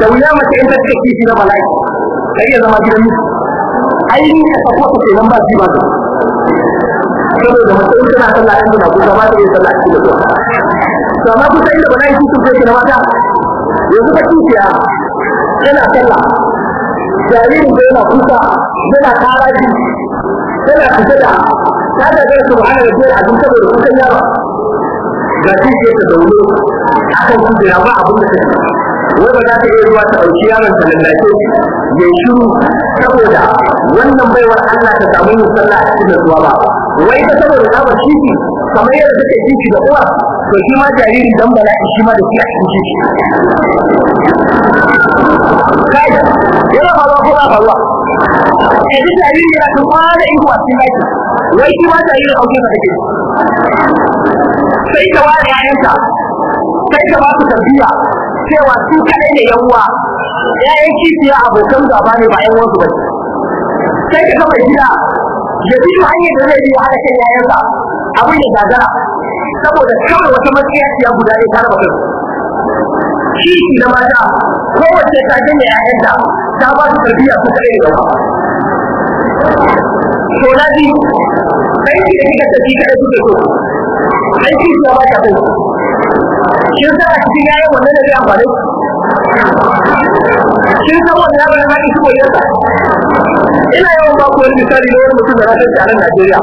da wuya mace in ta ce kifi na bala'i kai iya zama gidan miji ainihin ka sako ta ke nan ba shi ba saboda mace in tana sallah in tana kusa ba ta yin sallah cikin tana to amma kusa inda bala'i su sun kai na mata yanzu ka kifiya yana sallah jaririn da yana kusa yana karaji yana kusa da ta da zai subhana da jira abin saboda kusan yaro ga shi ke ta dauro akan kusa ya ba abin da ta wanda za ta iya zuwa ta ɗauki yaron ta lallace ya shiru saboda wannan baiwar Allah ta samu yin sallah a cikin nutsuwa ba wai ta saboda ta bar kifi kamar yadda take kifi da uwa to shi ma jariri dan bala'i shi ma da shi a cikin kifi kai yana faruwa ko ba faruwa yanzu jariri yana kan kwana ihu a cikin ɗaki wai shi ma jariri a wajen da take sai ta ware 'ya'yanta sai ta ba su tarbiyya cewa su kaɗai ne yan uwa ƴaƴan a abokan gaba ne ba ƴan wasu ba sai ka kama gida ya hanyar da zai biyo haɗa kan yayansa abin da gagara saboda kawai wata matsiyaciya guda ɗaya ta raba kai. Shi da mata kowace ta janye ƴaƴanta ta ba su tarbiyya su kaɗai ne gaba to na biyu sai ki da kika tafi kaɗai kuke so sai da ba ta kai. kin san a cikin yayin wannan da zai amfane kin san wannan ya bari haki shi koyar ina yawan ba ku wani misali na wani mutum da na san shi a nan Najeriya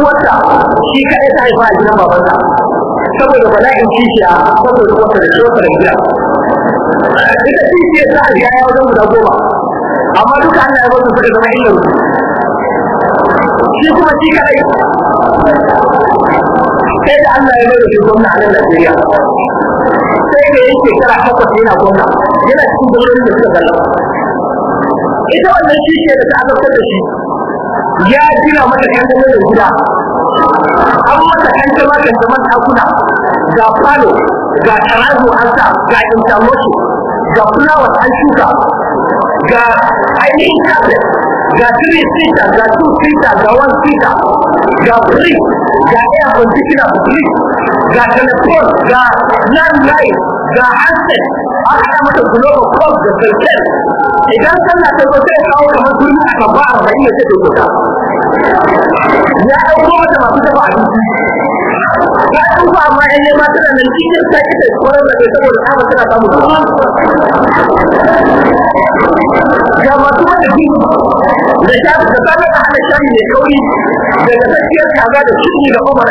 uwarsa shi kaɗai ta haifa a gidan babansa saboda bala'in kishiya saboda wata da shi da gida ita kishiya ta haifa ya wajen guda goma amma duka Allah ya su suka zama illa shi kuma shi kaɗai sai da Allah ya bada shi gwamna a nan Najeriya sai da yake shekara takwas yana gwamna yana cikin gwamnati da suka zalla ita wannan shi ke da ta azabtar da shi ya gina mata kan da gida an mata kan zama kan zaman takuna ga falo ga tarazo an sa ga intamoshi ga fulawa an shuka ga ainihin tablet ga tiri sita, ga tu sita, ga 1 sita, ga free ga air conditioner free ga telephone ga landline ga asset, an mata global cup da sarkin idan sallah ta zo sai kawo kamar turmi a gaba arba'in ya ce ta ya ɗauko mata masu dafa abinci ya san ko amma yan nema suna nan ta sa ita koyar da bai saboda kama suna samu ga masu wata ki da shafi da sanar da hana shafi mai kauri daga tafiyar kaza da ciki da umar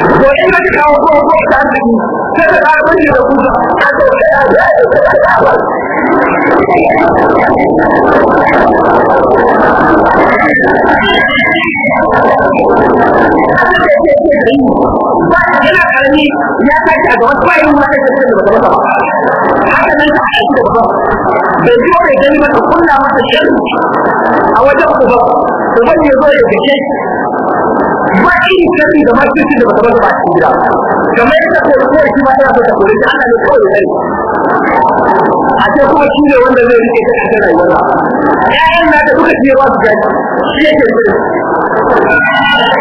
to in ka kawo ko ko ta ci ta ka da ya ya yana karami ya a gaban kwayoyin mata da suka da haka nan ta da gaba bai ta kunna a wajen baƙin shari da makirci da bata ba gida kamar yadda kore shi ma tana so ta kore ana ne kawai a ce kuma shi ne wanda zai rike ta cikin rayuwarsa ƴaƴan da duka shi ya su gani shi yake zai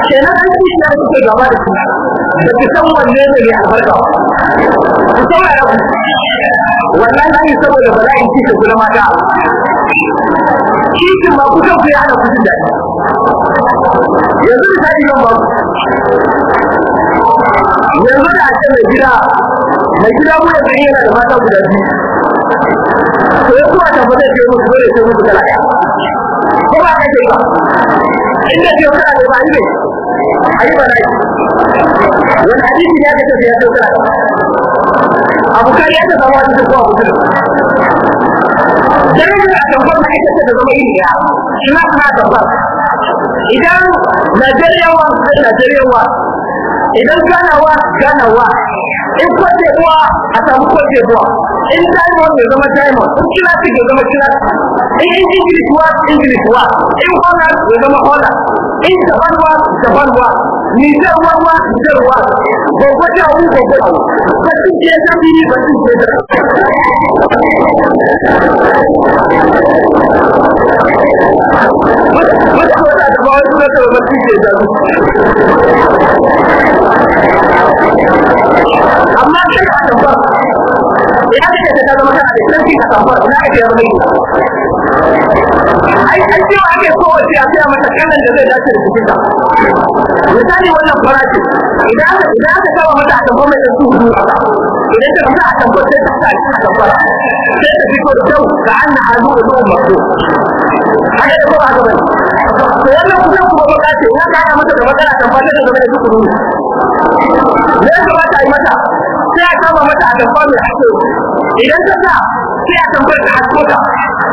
kenan an ci shi suke gaba da shi da ki san wanne ne mai albarka ku saurara ku wannan hanyar saboda bala'in kike kula mata kishin ba ku ku ya hana ku jin daɗi yanzu da yanzu da ake mai gida mai gida mu yanzu yana da mata guda biyu ya kuma tabbatar da musu dole sai musu kala ɗaya ko ba ka ba inda ke wata da ba ne ayi ba dai wani hadisi ya ga tafiya sai kala abu kariya ta zama a cikin kowa mutum darajar atamfar na ita ce ta zama iri shi na kuma atamfar idan najeriya wa najeriya wa idan ganawa ganawa in kwace ruwa a samu kwace ruwa in diamond ya zama diamond in classic ya zama classic in english wa english wa in holland ya zama holland in japan wa ni wa nijar wa wa wa gobe ta wuri gobe basu je ta biyu basu je ta Mutane da ba wasu na taɓa masu je ta amma sai ka tambar ya ce ta zama ta da sarki ka tambar na ake yar mai ai an ce wa ake so wace a tsaya mata kanan da zai dace da cikin ta misali wannan farashi idan idan aka saba mata a tambar mai su idan ta mata ta tambar sai ta sa a tambar sai ta fito da kyau ga an na hannu da zuwan masu haka da kuma haka wannan kusan kuma baka ce in aka mata da matsala tambar ta zama da su me sai a kama mata a gaba idan ta sa sai a ta haskota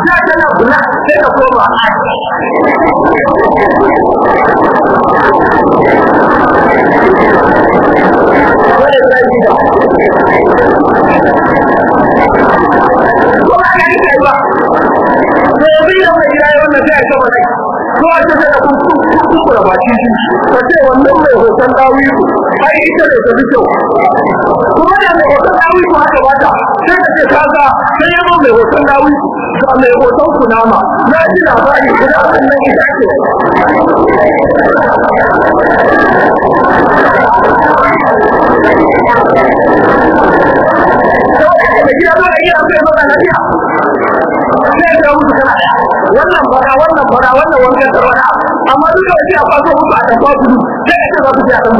ta tana kula sai ta koma a Ko ka yi ba, ko da mai wannan sai a ce wani ko a ce da kun kuskura baki shi ka ce wannan mai hoton dawiku ai ita da ta fi kyau kuma da mai hoton dawiku haka ba sai ka ce kaga sai ya mai hoton dawiku ga mai hoton kunama ya ji labari kuma a kan nan ita ce Thank you. sai ya samu su da wannan fara wannan fara wannan wanda ya amma duk da shi a faso musu a tafa gudu sai ya ce za ku je a kan ba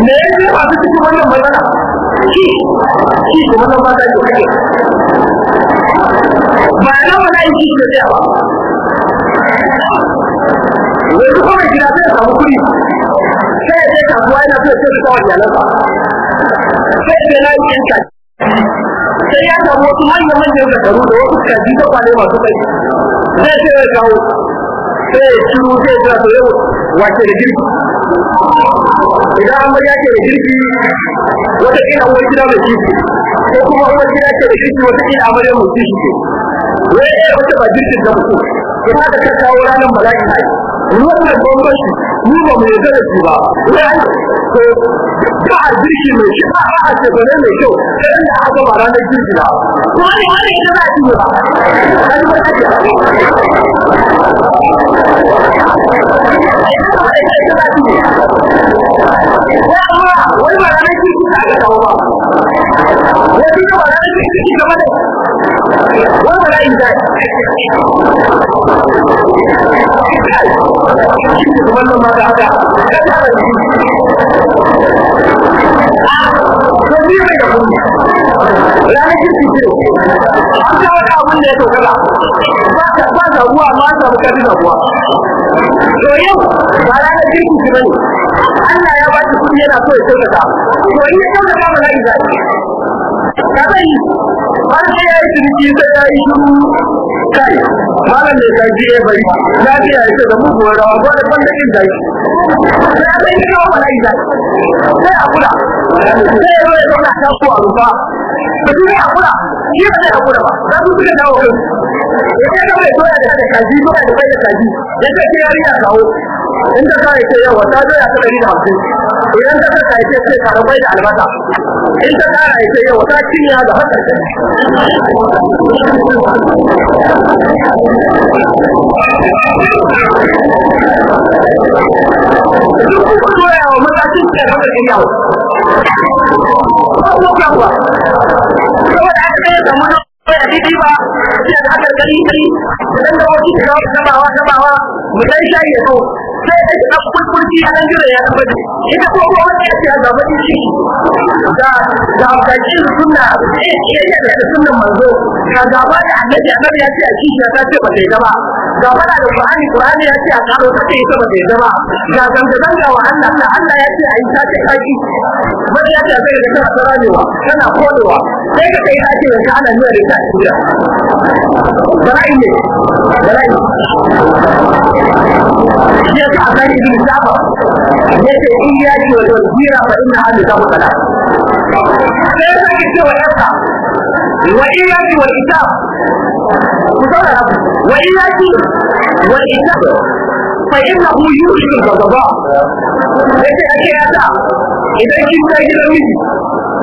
me ya ba su cikin wannan matsala shi shi kuma nan ba ta yi ba nan ba na yi da tsaya ba wai duk mai gida zai samu kuɗi sai ya kasuwa yana so ya ce su kawai yalansa sai ya na yi yanka sai ya samu wasu manyan manyan zakaru da wasu kaji da kwale masu kai zai ce ya kawo sai ya shiru zai jira su yau wace da girki idan an bari yake da girki wata kila wani gida mai kifi ko kuma wani gida ke da kifi wata kila amarya mai kifi wai ya wata ba jirgin da mutum ina da ka kawo ranar bala'i na yi wannan bambanci ni ba mu yarda da shi ba wai ko ba a jirgin mai shi ba a ce bane mai kyau sai da aka ba ranar jirgin na ko ne wani ita za a ci ba ba ba wasu yawa na cikin gaba da wani wala in zai haka to an ya tokala ba ta ba da Allah ya ba shi kudi yana so ya kyautata to in ya kyautata ba yi izaki kadai har sai ya yi ciniki sai ya yi shuru kai malam ya ji ya bari ya ce ya ce da muguwar rawa gwada gwada kin da shi ya bai shi wa wani da sai a kula sai ya zai zauna ta ko a rufa da shi a kula shi ba zai a kula ba za su suka dawo kai ya ce da mai doya da kaji doya da kai da kaji ya ce ke yarinya kawo in da ka ce yau wata doya ta ɗari da hamsin idan ka ka ce sai ka da albasa in ka kara ya ce yau wata cinya da haka doya da da ba ɗan da da mu shayi ya so. sai da na kulkulci a nan jira ya tabbata ita ko ko wanda ya ce da shi da da ka ji sunna eh eh, eh da suna manzo ka ga ba da annabi annabi ya ce a kishi ta ce ba sai da ba ga ba da qur'ani qur'ani ya ce a karo ta ce ita ba sai da ba ga zanga zanga wa Allah Allah Allah ya ce a yi ta ce ka ji ba ya ce a sai da ta tsara kana tsaranewa kana kodewa sai ka kai ta ce da ka ana nuna da ta ce da ra'ayi ne ra'ayi ya sa a kan ibn Saba ya ce in ya ce wa jira fa inna hadu ta mutala sai ya ki ce wa yasa wa in ya ce wa ita ku saurara wa in ya ce wa ita fa inna hu yushu gaba ya ce ake yasa idan kin ta gidan miji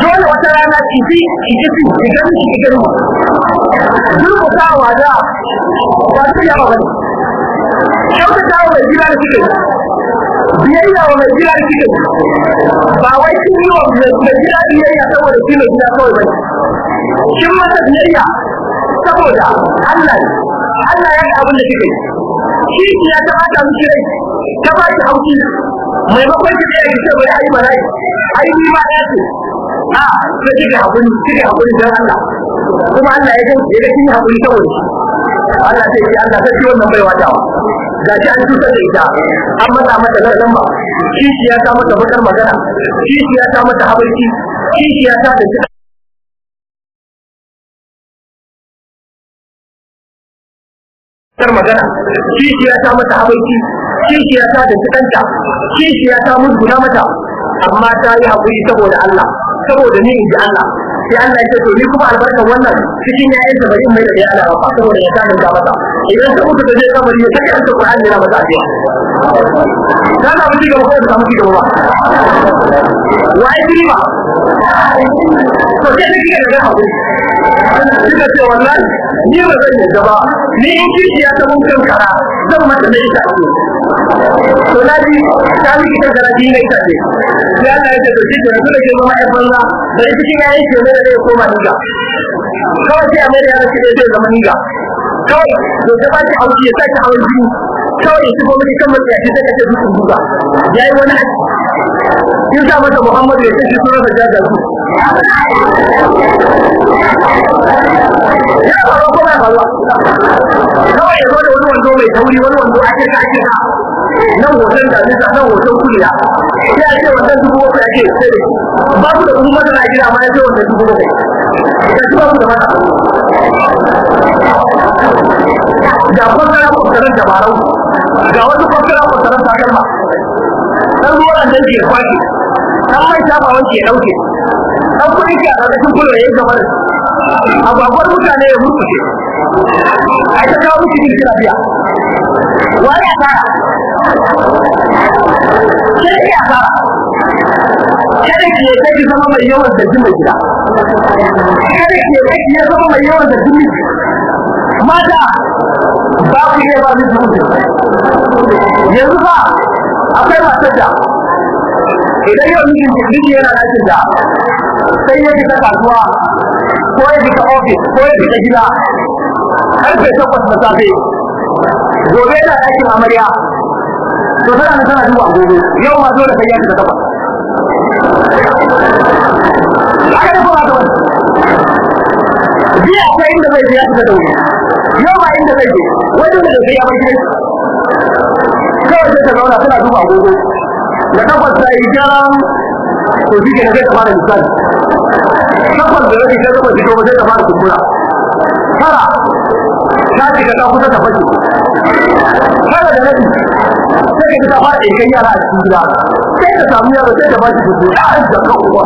dole wata rana ki fi ki ji su ki gani ki gani durkutawa da ba su yawa ba kyautata wa mai gida da kike biyayya wa mai gida da kike ba wai kin yi wa mai gida biyayya saboda shi mai gida kawai ba kin masa biyayya saboda Allah Allah ya yi abin da kike shi ya tabbata miki rai ta ba ki hauki maimakon ki da yake A yi malai ai ni ma ya ce a sai kike hakuri kike hakuri dan Allah kuma Allah ya gauke da kike hakuri kawai Allah sai ki Allah sai ki wannan baiwa Da shi an tusa da ita an mata mata shi shi ya ta mata bakar magana shi shi ya ta mata shi shi ya ta da kar magana kishi ya ta mata shi shi ya ta da kanta shi ya ta musguna mata amma ta yi haƙuri saboda Allah saboda ni in ji Allah sai Allah ya ce ni kuma albarkar wannan cikin yayin da bari mai da ya Allah ba saboda ya sanin da masa idan ka mutu da zai kabari ya take an ta Qur'ani yana masa ajiya kana mutu ga mutum ka mutu ga wa wa ai kirima to sai kike da hakuri suka ce wallahi ni ba zan yadda ba ni in kirkiya ta mun kankara zan mata na ita to na ji ta mi ita da rabi na ita ce ya Allah ya ce to kike rabu da ke zama ai banza da ita kin yayin ke da zai koma niga kawai sai amma ya rashi zai zama niga kawai to ta ba ki auki ya saki hawan jini kawai shi ko mun kan mutsiya shi sai ka ce dukkan duka yayi wani in za masa Muhammadu ya ce shi sunan da jaja su kawai ya zo da mai tauri wani nan hoton nan hoton sai a ce sai da na ya ce da mata ga wasu kwaki dan kudin ki a ƙarƙashin kulo ya gaba da ababuwar mutane ya mutu ke ai ta kawo miki jin lafiya wani a tara sai ki a tara kada ki ya kai zama mai yawan da mai gida kada ki ya kai ki zama mai yawan da jimin mata ba ku iya ba miki yanzu ba akwai masu da idan yau mijin miji yana ɗakin da sai ya fita kasuwa ko ya fita ofis ko ya fita gida karfe takwas na safe gobe yana ɗakin amarya to tana da tana duba gobe yau ma dole sai ya fita takwas haka da kuma takwas jiya akwai inda zai je ya fita da wuri yau ma inda zai je wajen da zai ya bar gidan kawai sai ta zauna suna duba gobe da takwas ta yi jaran to shi ke zai fara misali takwas da rabi ta zama shi to zai fara kumbura tara ta ce ka kusa ta fashi tara da rabi sai ka ta fara ikan yara a cikin gida sai ka samu yara sai ta ba shi kuku ya an da kan uwa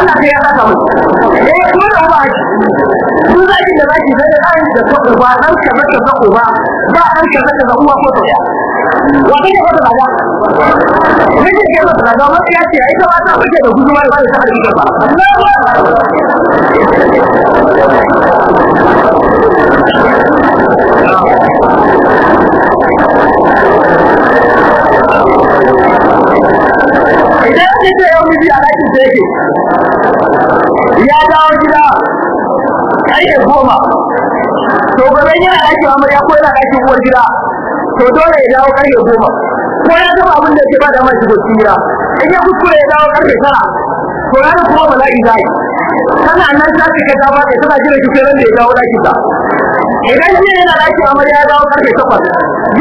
Allah ya rasa mu eh kuma baki su zaki da baki da an da ko ba dan ka mata da ko ba ba ka mata da uwa ko ta wa kike ko da ba kike ke ko da ba ya ce ai ta wata kike da gudu ba wani sai kike ba idan kike yau yake ya iya goma to gobe yana ɗakin amarya ko yana ɗakin uwar gida to dole ya dawo ƙarfe goma ko ya gama abin da ke ba da mai shigo gida in ya kuskure ya dawo karfe tara to ya kuma bala'i zai kana nan ta ce ka dawo ka tana jira kike ran da ya dawo ɗakin ta idan shi yana ɗakin amarya ya dawo karfe takwas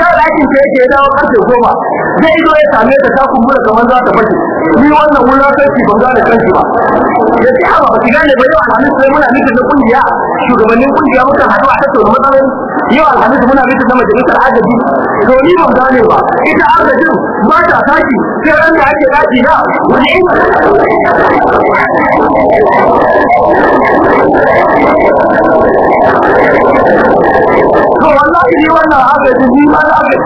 yau ɗakin ta ya dawo karfe goma zai zo ya same ta ta kumbura kamar za ta fashe ni wannan wulakanci ban gane kanki ba ya ce a ba ki gane ba yau alhamis sai muna mitin na kungiya shugabannin kungiya muka hadu a tattauna matsalolin yau alhamis muna mitin na majalisar agaji to ni ban gane ba ita agajin ba ta saki sai ran da ake daki na wani shi wannan agaji shi ma agaji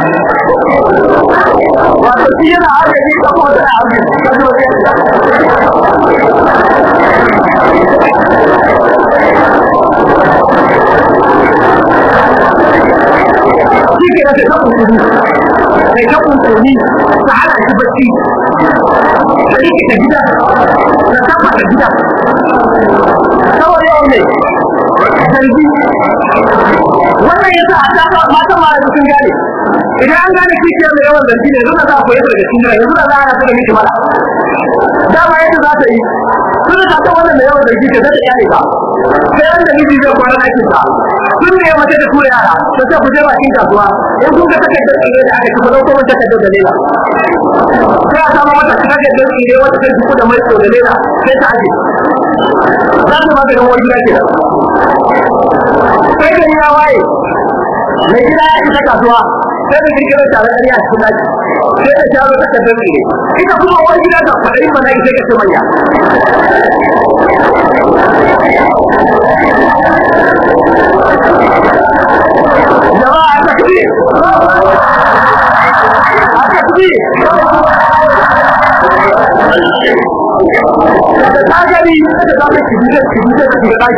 wato shi yana agaji da kuma da agaji shi ke da ta kuma mai ta kunkuni ta hana shi bacci ta rike ta gida ta kafa ta gida kawai yau ne zargi wannan yasa a ta mata mara da sun gane idan an gane kiciyar da yawan zanci ne zuwa za a koyi daga cikin yanzu da za a ta miki mara dama yadda za ta yi sun ta ta wannan da yawan zanci ke za ta yi ba sai an da miji zai kwana aikin ba sun ne mace da tura yara ta ce ku je bakin kasuwa in kun ga takardar tsire da aka kuma lokacin dauko ta takardar da lela sai a samu da takardar tsire wata ta jiko da mai da lela sai ta aje za ta ba ta ga wani gida kenan wai gari ya waye mai gida ya isa kasuwa sai da kirkiro tare da a cikin daji sai da sharo ta ta dare ita kuma wani gida da kwaɗayin mana ita ka ce manya jama'a ta ta ta ta ki bi da ki bi da ki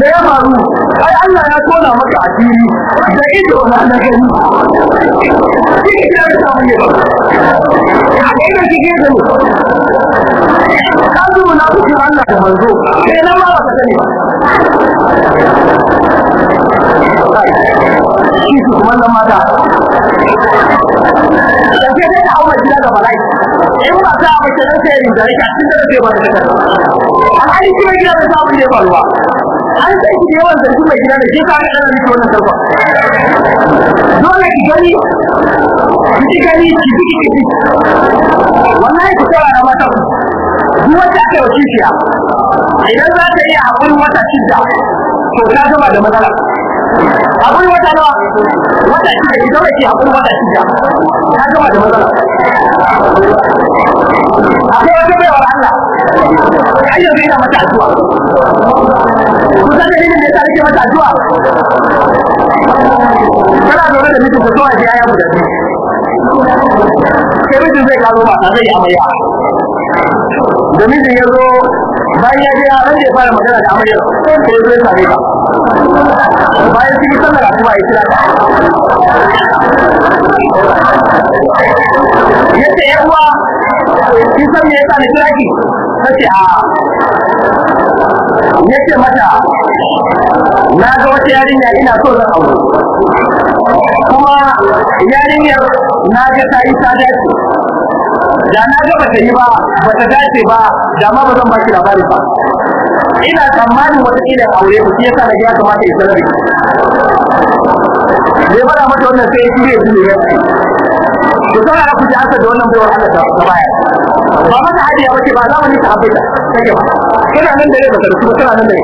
me ya faru ai Allah ya tona maka asiri da ido na na gani shi ne ya samu ne a ina kike da ni ka zo na kuka Allah da manzo sai na ba ka sani ba shi kuma nan mata da sai dai ka hawa gida da bala'i in ba ta mace da sai rinda ka cikin da ba ta a kai kuma gida da samu ne ba ruwa an san ki yawan zargin mai gida da shi ka ana miki wannan sarkon dole ki gani ki gani ki bi ki bi wallahi ku tsara na mata duk wata aka yi wa kishiya idan za ta iya haƙuri wata shida to ta zama da matsala akwai wata nawa wata shida ki kawai ki hakuri wata shida ta gama da matsala akwai wata bai wa Allah ai yanzu ina mata addu'a ku san dalilin da yasa nake mata addu'a kana zaune da mijin ku zuwa ji aya guda sai mijin zai karo mata zai yi amarya da mijin ya zo bayan ya je ya ran da ya fara magana da amarya sai ya zo ya same bayan sun yi da. asuba ya kira ta yace ya uwa kin san me yasa na kira ki tace a yace mata na ga wata yarinya ina so zan aure kuma yarinyar na ga ta yi tsada da na ga bata yi ba bata dace ba da ma ba zan ba ki labarin ba ina tsammanin wata kila aure ku shi yasa da ya kamata ya sanar bai fara mata wannan sai ya ne shi ne ku tsara ku ji haka da wannan bai Allah ta baya ba mata hadiya bace ba zamani ta abinda take ba kana nan da ne baka rubuta kana nan da ne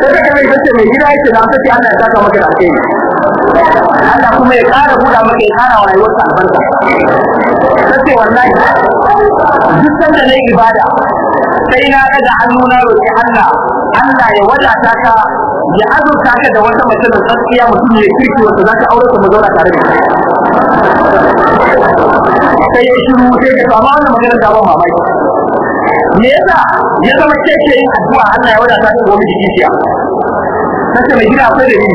sai ka kai sai mai gida yake da sai ana taka maka da kai Allah kuma ya kara guda maka ya ƙara wa rayuwarsa albarka ta ce wallahi duk sanda na ibada sai na ga da na roƙi Allah Allah ya wadata ka ya azurta ka da wata mace da tsakiya mutum ya kirki wata za ka aure ta mu zauna tare da ita sai ya shiru sai ka samu wannan maganar da ban mamaki me yasa ya zama keke yin addu'a Allah ya wadata ka gobe da kishiya nace mai gida akwai da ni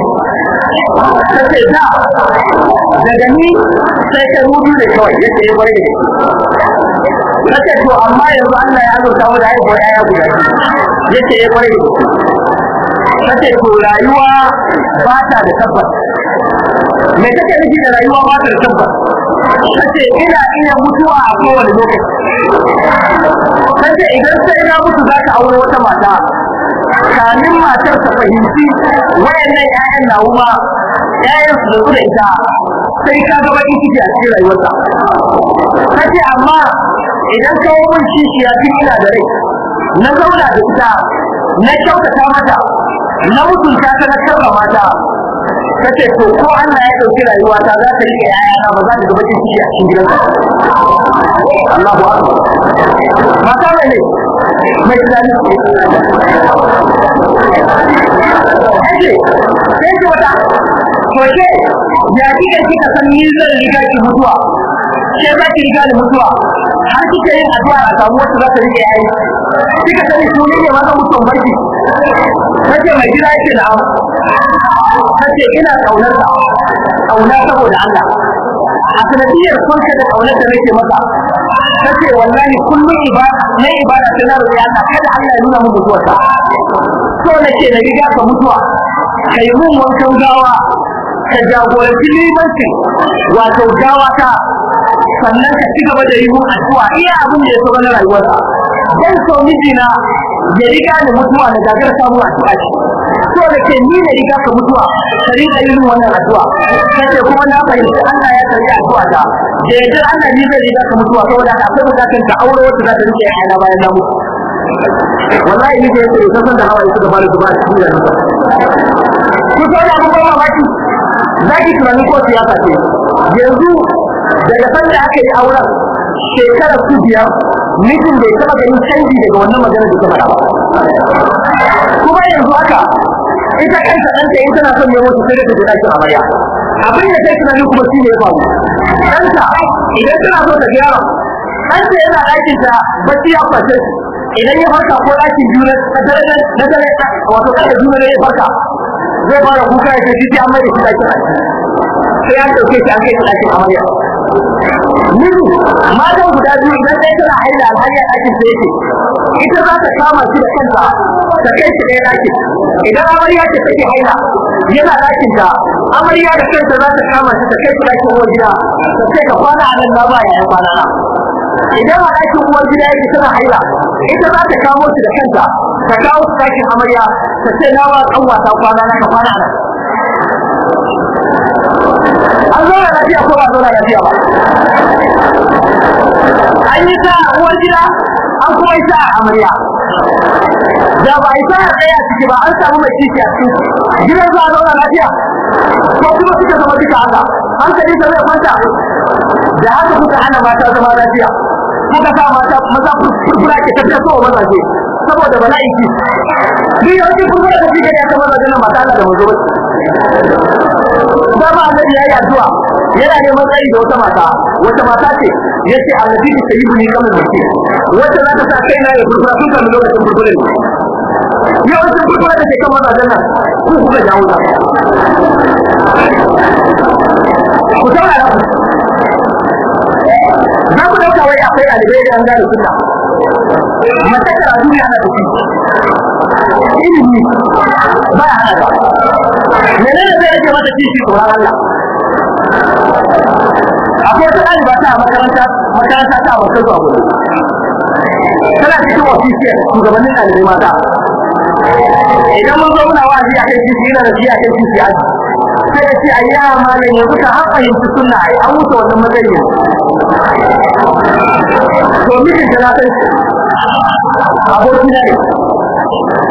ta ce da daga ni sai ta rudu da kawai ya ce bai ne ta ce to amma yanzu Allah ya azurta mu da haihuwar ya guda ya ce bai ne ta ce to rayuwa ba ta da tabbas me kake nufi da rayuwa ba ta da tabbas ta ce ina iya mutuwa a kowane lokaci ta ce idan sai na mutu za ka aure wata mata kamin matar ta fahimci wayannan 'ya'yan na kuma ƴaƴan su da da ita sai ka ga baki kike a cikin rayuwarta kace amma idan ka yi mun kishi ya fi ina da rai na zauna da ita na kyautata mata na mutunta ta na karba mata kace to ko Allah ya dauki rayuwata ta za ta yi ƴaƴa ba za ta ga baki a cikin gidanka Allahu akbar mata ne mai tunani Ake, sai ce wata, to ke, ya kika kika san ni riga ki mutuwa, ke za ki riga mutuwa, har kike yin addu'a a samu wacce za ta rike yayi. Kika sani su ne ne wannan barki. mai gida yake na amu. ina saboda Allah. A sanadiyar kunka da ƙaunar da nake masa, kace wallahi kullum ibada na ibada tana ya Allah kada Allah ya nuna mu mutuwarsa so nake na riga ka mutuwa kai mun mun gawa ka jagoranci limanci wato gawa ta sannan ka ci gaba da yi mun addu'a iya abin da ya saba na rayuwarsa dan so mijina ya riga da mutuwa na gagara samu a so da ke ni ne riga ka mutuwa ka riga yin wannan addu'a kace kuma na fahimci Allah ya karbi addu'a ta da yadda Allah ni zai riga ka mutuwa saboda haka akwai bukatar ka aure wacce za ta rike yana bayan na wallahi ni da yake kasan da hawaye suka fara zuba da nasa ku da ku ba baki zaki tunani ce yanzu daga san da aka yi auren shekara su biyar bai taɓa ganin canji daga wannan maganar da ta fara. kuma yanzu haka ita kanta ɗanta in tana son nemo ta sai da ta gida ki amarya abin da kai tunani kuma shi ne ya faru ɗanta idan tana son ta gyara ɗanta yana ɗakin ta bacci ya kwace idan ya farka ko ɗakin juna na dare na dare wato kada juna ne ya farka zai fara kuka ya ce shi ya mai da shi ɗakin sai an ɗauke shi an kai shi ɗakin amarya miji matan guda biyu idan sai tana haila alhali a ɗakin sai yake ita za ta kama shi da kanta ta kai shi ɗaya ɗakin idan amarya ce take haila yana ɗakin ta amarya da kanta za ta kama shi ta kai shi ɗakin uwar gida ta ce ka kwana a nan na ba ya kwana na idan a ɗakin uwar gida yake tana haila ita za ta kamo shi da kanta ta kawo shi ɗakin amarya ta ce na ba ƙanwa wasa kwana na ka kwana nan an zo zauna lafiya ko ba zo zauna lafiya ba an yi sa uwar gida an kuma yi sa amarya da ba yi sa ɗaya ciki ba an samu mai kishi a cikin gidan za a zauna lafiya ko kuma suka zama duka haka hankali ta zai kwanta da haka kuka hana mata zama lafiya kuka sa mata maza furfura ke tafiya maza ce saboda bala'i ki duk yawanci furfura ta fi gari a kamar mazaje na mata Allah da mazo ba ba annabi yi addu'a yana neman tsayi da wata mata wata mata ce yace annabi ta yi buni kamar mutum wata za ta sa kai na ya furfura tun kan lokacin furfura ne wata furfura da ke kan mazajen nan ku kuka jawo ta ku saurara za ku dauka wai akwai alibai da an gane sunna mata ta duniya na da ilimi ba ya hada menene zai rage mata kishi tsoron Allah akwai wata ɗaliba ta makaranta makaranta ta wasu zuwa gudu tana cikin wasisiyar shugabannin ɗalibai mata idan mun zo muna wa'azi a kai titi yana da shi a kai titi aji sai ya ce ayya malam yanzu ka an fahimci sunna ai an wuce wannan matsayi to mijin ta na san aboki na ne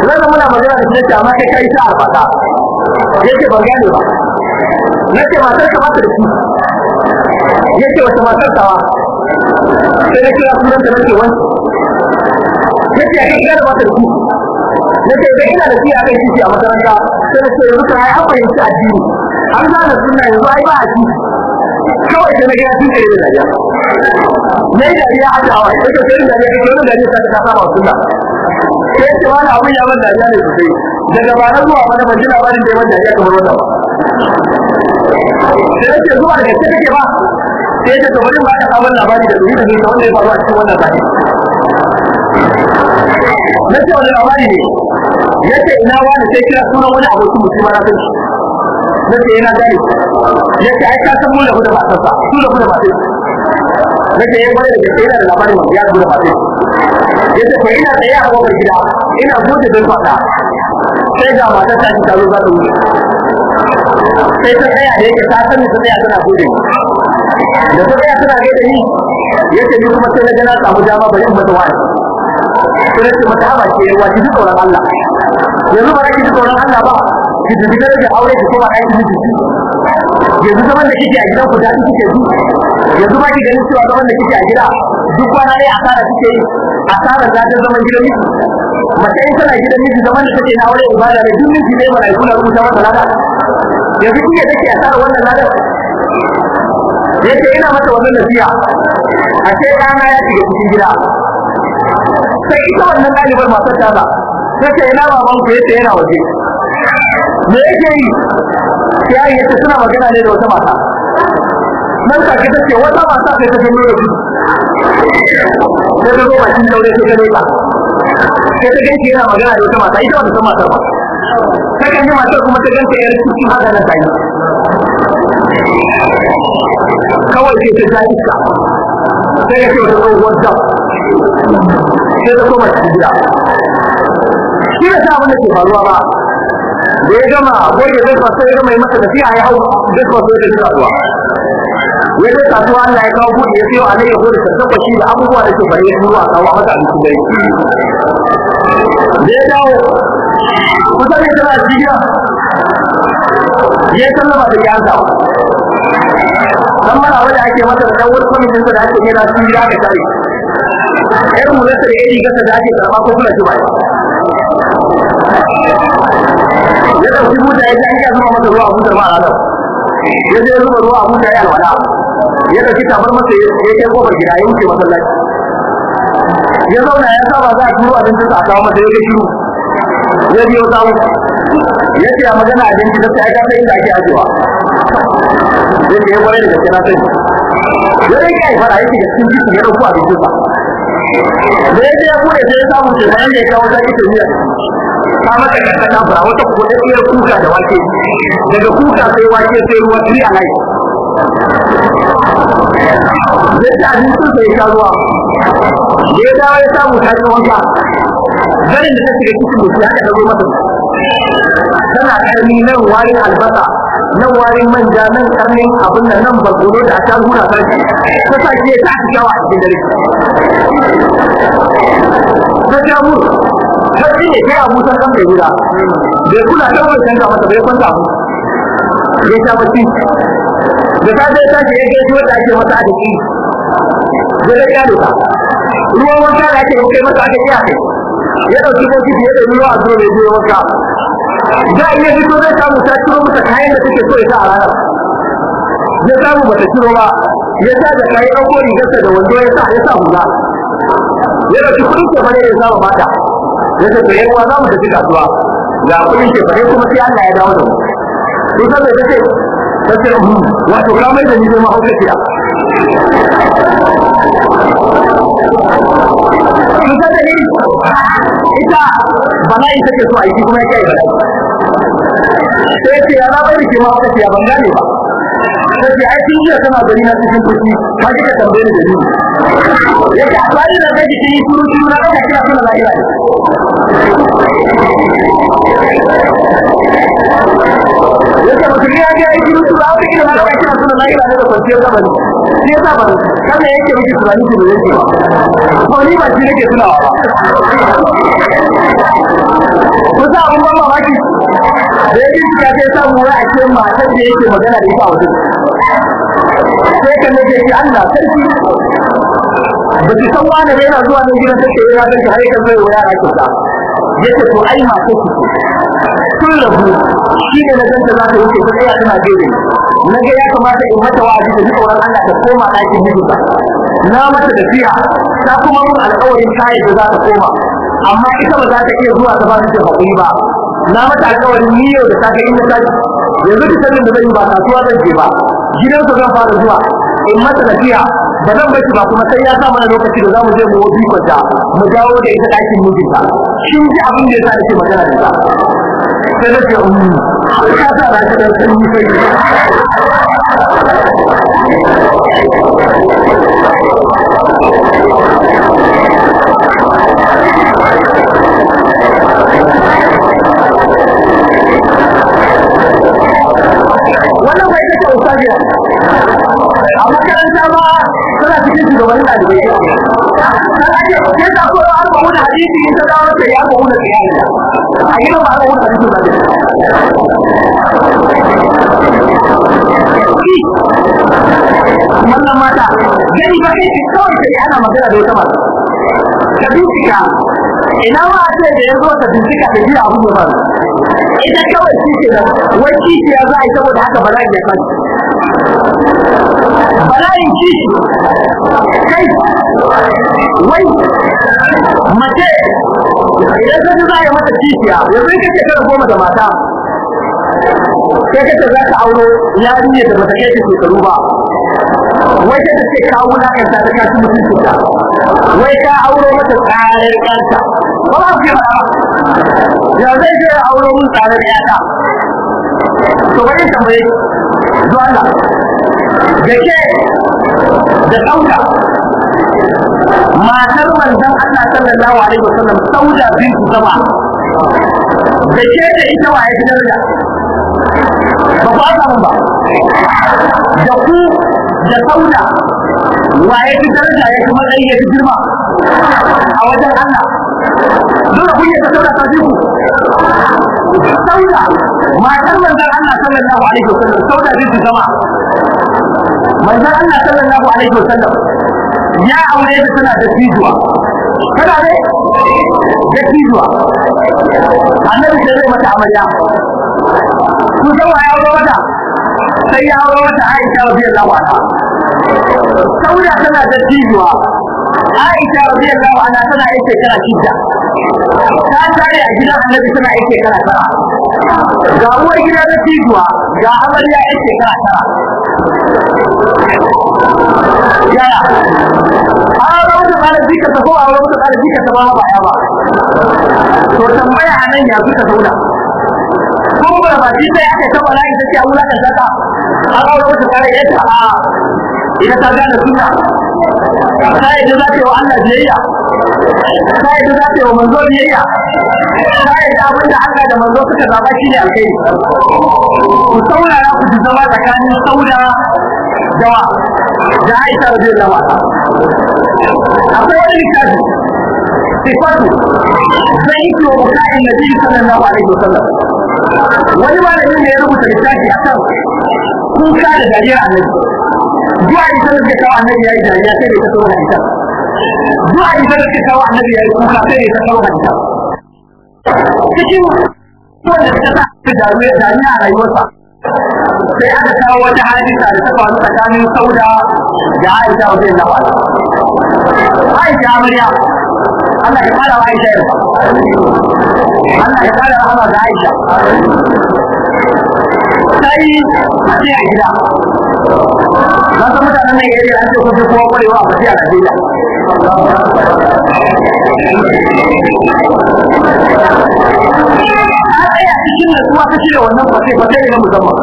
zan muna magana da shi amma kai kai ta a faɗa yake ban gane ba nace matar ka ba ta da shi ya ce wata matar tawa sai na kira sunan ta nake wani ya ce ake kira da matar ki na ce idan ina da siya kai kishi a makaranta sai na ce yanzu ta yi an fahimci addini an zana suna yanzu ai ba a ci kawai sai na kira sun kai da dariya na yi dariya a tawa ya ce sai dariya kai wani dariya ta ta saba suna sai ce wani abu ya ban dariya ne sosai daga ba na zuwa wani ban ba ne da ya ban dariya kamar wannan sai ce zuwa da gaske kake ba sai ya ce bari ba ka samu labari da duri da duri wanda ya faru a cikin wannan zafi na ce wani labari ne ya ce ina wani sai kira sunan wani abokin mutum na san na ce yana gani ya ce ai san mu da ku da matarsa su da ku da matarsa na ce ya bari da ke yana da labari ya ku da matarsa ya ce ko ina tsaye a kofar gida ina bude don faɗa sai ga matar ta ci taro za ta wuce sai ta tsaya da yake ta sani ta tsaya tana gudun da ta tsaya suna gaida ni ya ce ni kuma sai na gana samu dama bayan mata wani sai ce mata ba ce wa ki ji tsoron Allah yanzu ba ki ji tsoron Allah ba ki ji da da aure ki kuma aiki ji yanzu zaman da kike a gida ku da kike ji yanzu ba ki ganin cewa zaman da kike a gida duk kwana ne asara kike yi asara za ta zaman gidan miki mace in tana gidan miki zaman da take na aure ibada ne duk miki ne mara kula rubuta mata lada yanzu kike a asara wannan lada ce ina mata wannan nasiha a ce ɗana ya shiga cikin gida sai ita wannan ɗalibar masu tsada sai ta ce ina baban ku yace yana waje me yake yi yi yace suna magana ne da wata mata nan ta ke ce wata mata sai ta gano da sai ta zo bakin daure sai ta ta sai ta ganci yana magana da wata mata ita wata san mata ba ta kan yi matar kuma ta ganta yar cikin haka nan ta yi kawai sai ta ta iska sai ya ce wata tsohuwar da sai ta koma cikin gida shi da ta abin da ke faruwa ba da ya gama goge zai fasa ya gama yi masa tafiya ya hau zai fasa ya tafi kasuwa ya ta kasuwa Allah ya kawo buɗe ya siyo alayyahu da shi da abubuwa da ke bari ya ruwa a kawo masa abinci dai da ya dawo kusan ya tara a cikin ya sallama da ya zawo dan mara wanda ake masa da dan wani kwamitin da ake yana su yi da tare. yar mu da ya yi gasa da ake karba ko kula jiba ya da shi buta ya ga zuwa masa ruwa buta ba a ya je zuba ruwa a buta ya alwala ya da kita bar masa ya ke kofar gida ya wuce masallaci ya zauna ya saba za a turo abincin sa a kawo masa ya ga shiru ya biyo samu ya ce a magana abinci ta sai ka sai inda ake ajewa yadda ya kwarai da gaske na sani ya rike ya fara yake da cikin jiki ya dauko a jikin sa da ya je ya bude sai ya samu ce bayan da ya kawo zaki ta miya ta mata kasa ta fara wata kuɗaɗɗiyar kuka da wake daga kuka sai wake sai ruwa tiri a nai da ta abincin sai ya ruwa da ya dawo ya samu ta yi wanka zanin da ta shiga cikin mutum ya ka goma mata tana karni nan wani albasa nan wari manja nan karnin abin da nan barkono da aka hura ba ta sa ke ta ci yawa cikin dare ta ci abu ta ci ne kai abu san kan bai bai kula da wani canza masa bai kwanta abu ya sha bacci da ta je ta ce ya gaji wata ake masa a jiki ya da kyalo ta ruwan wanka da ake kai masa a jiki a kai ya da kofi fiye da ruwa a zuwa ya je wanka da in fito zai samu ta ciro masa kayan da take so ya sa a ranar ya samu bata ciro ba ya sa da kayan ɗauko rigarsa da wando ya sa ya sa hula ya ɗauki kuɗin ke fare ya samu mata ya ce to yan uwa za mu tafi kasuwa ga kuɗin ke fare kuma sai Allah ya dawo da mu to sai ta ce ta ce hmm, wato ka mai da ni zai mahaukaciya eh, ita ma'ana ita ke so a yi kuma ya kai bala'i sai ce ya zaɓa rike ma wata ya banga ne ba sai ce ai kin jiya tana gari na cikin kuki ka ji ka tambaye ni da Ya yake a na da ki cikin turu turu na ɗauka kira suna la'ira yasa musulmi ya ga yake mutu ba wani irin haka kira sunan lahi ba da kwanciyar zamani shi yasa ba kana yake miki tunani ki da yake ba ni ba shi ne ke tunawa ba kusa abun ban mamaki da yake shi ya sai samu wai a ce matar da yake magana da ita a wajen sai kan nake ki Allah sarki ba ki san wani ne yana zuwa nan gidan take yana take har kan zai a ake sa yace to ai matar ki sun rabu shi ne na ganta za ta wuce ta tsaya tana gebe na ga ya kamata in mata wa'azi da duka wurin Allah ta koma ɗakin mijinta na mata tafiya ta kuma mun alƙawarin kayan da za ta koma amma ita ba za ta iya zuwa ta ba ta haƙuri ba na mata alƙawarin niyyar da ta ga inda yanzu da sanin da zai yi ba kasuwa zan je ba gidansa zan fara zuwa in mata tafiya ba zan bace ba kuma sai ya sa mana lokaci da za mu je mu wadi kwanta mu dawo da ita ɗakin mijinta shin ji abin da yasa nake magana da ita sai na ce umu ka sa ba ka da sanyi sai wannan bai kace ustaziya a makaranta ma tana cikin shugaban ɗalibai sai ta koyar da alƙawun hadisi ta dawo da ya alƙawun da ya a yi ba da wani su bane wannan mata gani ba kai kawai sai ana magana da wata mata ka bincika ina ma a ce da ya zo ka bincika da biya abu ba ita kawai shi ke da wai kishi ya za a yi saboda haka ba za a yi ya bala'in kishi kai wai mace idan ka za ya mata kishiya yanzu ka ce kana goma da mata sai ka za ka auro ya yarinya da bata kai shekaru ba wai ka ce ka wuna kan ta ka ci mutunci ta wai ka auro mata tsarar kanta ba ba ki ba ya zai ce auro mun tsarar yata to wani tambaye zuwa da ke da ɗauka matar manzon Allah sallallahu alaihi wasallam sauda bin zama da ke da ita waye ta da. ba ba ta ba da ku da sauda waye ta da ya kuma dai ya girma a wajen Allah dole kun yi sauda ta ku sauda matar manzon Allah sallallahu alaihi wasallam sauda bin zama manzon Allah sallallahu alaihi wasallam ya aure da tana da tijuwa tana da da tijuwa annabi sai zai mata amarya ku san wa ya aure wata, sai ya aure mata Aisha radiyallahu anha Sauya tana da tijuwa Aisha radiyallahu anha tana yin shekara shida ta tare a gidan annabi tana yin shekara tara ga uwar gida da tijuwa ga amarya yin shekara tara yaya a wani tsara jika ta ko a wani tsara jika ta ba ba ya ba to tambaya a nan ya suka zauna kuma ba ba jita ya kai ta bala ita ce a wulakan zaka a wani tsara ya ta a idan ta gane suna ta yadda za ta yi wa Allah biyayya ta yadda za ta yi wa manzo biyayya ta yadda abin da Allah da manzo suka zaba shi ne alheri ku saurara ku ji zama tsakanin saura da da Aisha radiyallahu anha akwai wani littafi sifatu zai yi kiwo bukayin nabi sallallahu alaihi wasallam wani ba da yin da ya rubuta littafi a kan kuka da dariya a nan zuwa yi sanar da kawo annabi ya yi dariya sai da ta kawo hadita zuwa yi sanar da kawo annabi ya yi kuka sai da ta kawo hadita cikin wanda ta sa dariya a rayuwarsa sai aka kawo wata hadisa da ta faru tsakanin sauda da aisha wajen na ba aisha amarya Allah ya fara aisha Allah ya fara rahama ga aisha sai sai a gida Wasu mutanen nan yadda an ce kuma kuma kwarewa a tafiya Najeriya. A tsaya cikin nasuwa ta shirya wannan fasai fasai na musamman.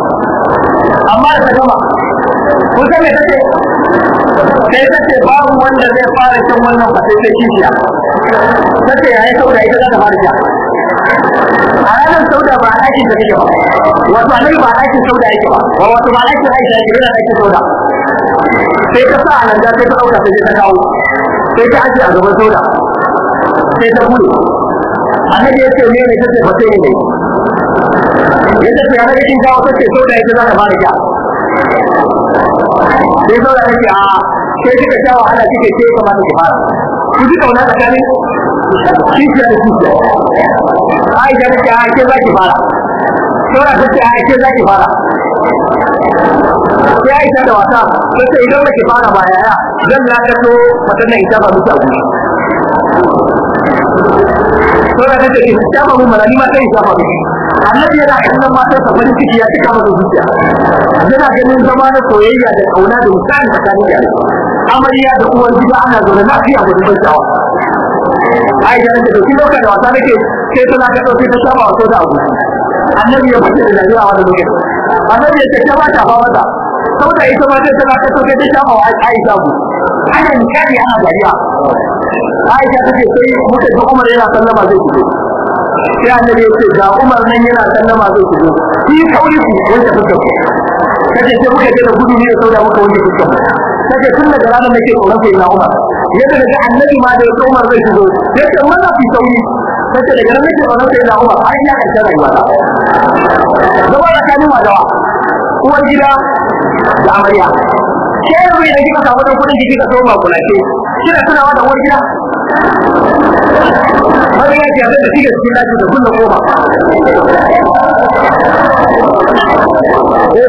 amma da ta gama kun san me take sai ta babu wanda zai fara cin wannan ba sai sai kishiya ta ce yayi sauda ita za ta fara kiya a ranar sauda ba a aikin da take ba wato annabi ba a aikin sauda yake ba ba wato ba a aikin aisha yake yana aikin sauda sai ta sa a nan sai ta dauka sai ta kawo sai ta ajiye a gaban sauda sai ta gudu annabi ya ce me ne ta ce ba sai ne yadda ta yana cikin kawo kace so da yake za fara kya sai so da yake a ah, sai kika sha wahala kike ce ka fara ki fara ku ji kauna tsakanin kike da kike ai da kike ai ke za fara so da kike ai ke za fara sai aisha da wata sai sai idan nake fara ba yaya zan na kaso mata na ita ba mu ta kuma sai da kike ki ba mu ma sai ta ba mu annabi yana kallon mata ta farin ciki ya cika masa zuciya yana ganin zama na soyayya da kauna da misali tsakanin yaro amarya da uwar gida ana zaune lafiya da zubar shawa ai da da kin dauka da wasa nake sai tana ga dauke ta saba wato da abu annabi ya fita da jira wannan lokaci annabi ya ce ba ta fa mata saboda ita ma sai tana ga dauke ta saba wa Aisha bu ana ni ana dariya Aisha take sai mutum Umar yana sallama zai fito sai annabi ya ce ga Umar nan yana sallama zai shigo shi kauri ku wanda kuka kace sai kuka da gudu ne sauda muka wanda kuka kace tun daga ranar nake tsoron sai na Umar yadda daga annabi ma da ya Umar zai shigo yace mana fi sauri kace daga ranar nake tsoron sai na Umar ai ya kace rayuwa zama da kanin wadawa uwar gida da amarya ke rubi da kika samu dan kudin kika ka ba kula ce kina tunawa da uwar gida har ya ce da shi cikin daji da kullum koma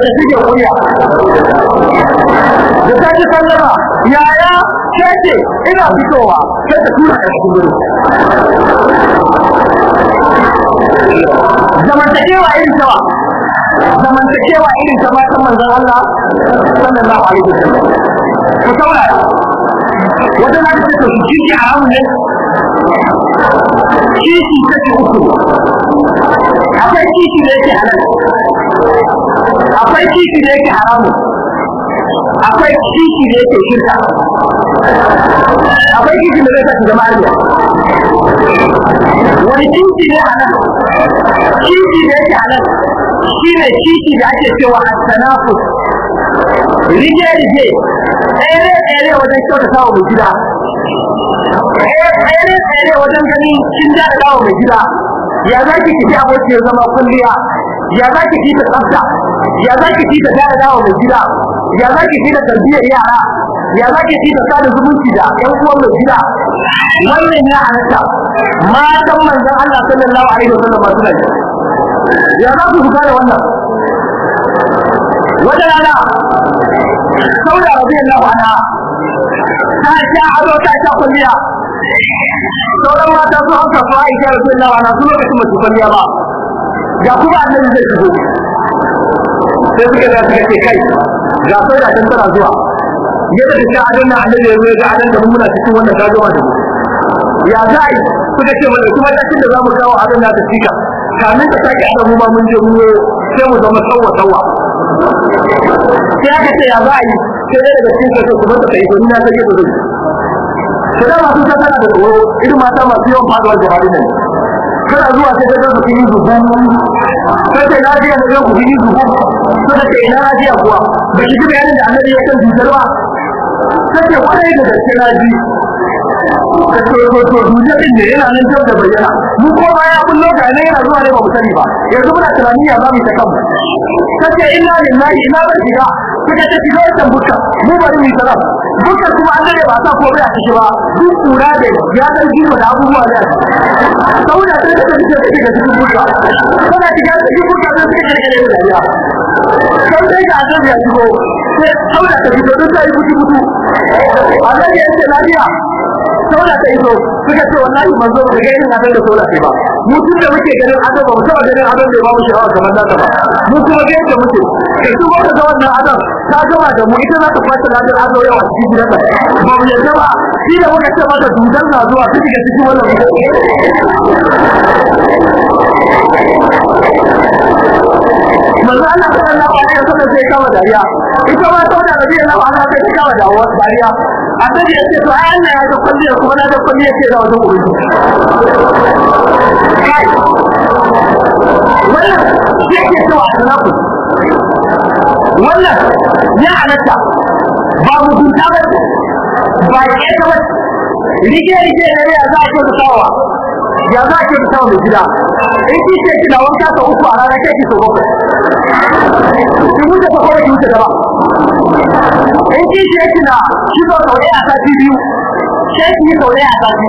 da shi ke kuriya da ta ji sallama yaya keke ina fitowa sai ta tura ka cikin gudu zamantakewa irin ta zamantakewa irin sama ta matan manzon Allah sallallahu alaihi wasallam Ka saurara wata za ta ce to shi ke haramun ne kishi kashi uku akwai kishi da yake halal akwai kishi da yake haramu akwai kishi da yake shirka akwai kishi da zai tafi zama ajiya wani kishi ne halal kishi da yake halal shi ne kishi da ake cewa at-tanafus rige-rige tsere-tsere wajen kyautata wa mai gida ainihin tsaye wajen gani kin ja da dawo mai gida ya za ki kici ya zama kulliya ya za ki ta tsafta ya za ki kita ja da dawo mai gida ya za ki kita tarbiyyar yara ya za ki kita sada zumunci da ƴan uwan mai gida wannan ya halatta matan manzon Allah sallallahu alaihi wasallam masu nan ya za ku da wannan wata rana saura rabiyallahu anha ta sha ado ta sha kulliya sauran mata sun hausa su aisha da sun lawa na su lokacin masu kulliya ba ga kuma annabi zai shigo sai suka da suka ce kai ga sai da kan tana zuwa yadda ta sha adon na annabi ya zo ya ga adon da muna cikin wannan gajewa da ya za a yi suka ce mana kuma tashin da za mu kawo adon na ta cika kamin ta sake adon mu ma mun je mu sai mu zama sauwa sauwa sai aka ce ya za a yi sai dai daga cikin sassa kuma ta kai domin na sake da zai ta da masu sassa da tsoro irin mata masu yawan faduwar da bari kana zuwa sai ka zama cikin zubu sai ta lafiya da zai yi zubu sai ta ina lafiya kuwa ba shi ji bayanin da annabi ya kan zuciyar ba sai ta kwarai da gaske na ji da to duniya din ne yana nan da bayyana mu ko baya kun lokaci ne yana zuwa ne ba mu sani ba yanzu muna tunani ya za mu ta kanmu kace inna lillahi ina ba shiga kuka ta shiga wancan Bukka. mu bari mu tsara buka kuma an dade ba sa ko bai a ciki ba duk kura da ya san jiro da abubuwa da saboda sai ta tafi da cikin buka ta shiga cikin buka sai ta kare da ya sai dai ga azab a shigo sai saboda ta fito ta yi kutu kutu Allah ya ce lafiya saula ta iso suka ce wallahi manzo ga abin da ba mu tun da muke ganin adam ba mu taba ganin adam da ba mu kamar da ta ba mu kuma ga yadda muke da su ba da wannan adam ta gama da mu ita za ta fata adam yau a cikin gidan ba ba mu yarda ba shi da muka ce mata dudan na zuwa cikin wannan manzo Allah sallallahu alaihi wasallam sai ta dariya ita ma sauna da biyan Allah ta kama dariya A annabi ya ce to ai Allah ya ga kulliya kuma na ga ya ce da wajen kuri wannan shi ke cewa sanaku wannan ya halatta ba mutunta ba ba ya ta ba rike rike ne ya za a kyautatawa ya za ke fi samun gida in ki ce kina wanka ta uku a rana kai ki so bakwai ki wuce ta kawai ki wuce gaba in ki ce kina ki zo sau ɗaya a sati biyu ke ki yi sau ɗaya a sati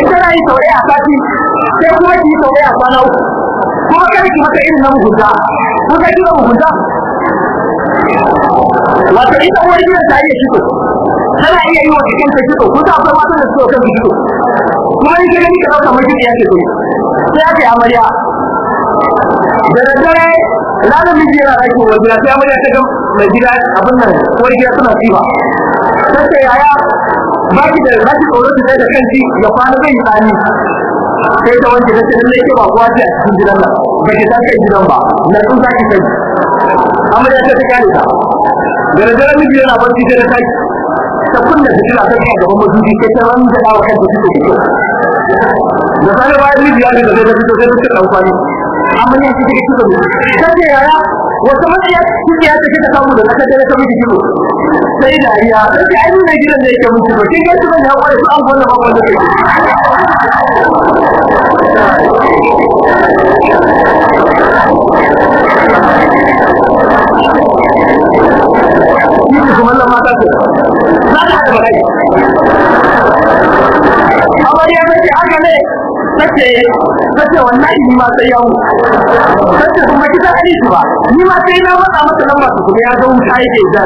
in tana yi sau ɗaya a sati sai kuma ki yi sau ɗaya a kwana uku kuma kai ki mata irin na mugunta kun ga kina mugunta wata ita uwar gidan ta iya shi kana iya yi wa cikin ta kito kusa akwai matan da suka kan kito kuma in ka gani ka dauka mai ya ke to sai ya ake amarya da daddare ranar miji yana aiki wa gida sai amarya ta ga mai gida abin nan kuma gida suna tsiba sai yaya ba ki da ba ki tsoro ki da kanki ya kwana zai yi tsani sai da wanda take lalle ke ba kuwa ce a cikin gidan nan ba ki san kai gidan ba na tun za ki kai amarya ta ta kare ta da daddare miji yana barci sai da kai ta kunna fitila ta kai gaban mazubi sai ta wanda ba wata da take fito da sai bayan rijiya ne da zai fito sai ta dan kwani amma ne kike kike da kace yaya wata maciya kike ta kike samu da kake da kake kike sai da riya sai ai ne gidan da yake mutu kin ga su ne ya kwai su an gwada ba wanda kike tace tace wallahi ni ma sai yawo tace kuma kika ai shi ba ni ma sai na faɗa masa lamba su kuma ya zo mu sai ke da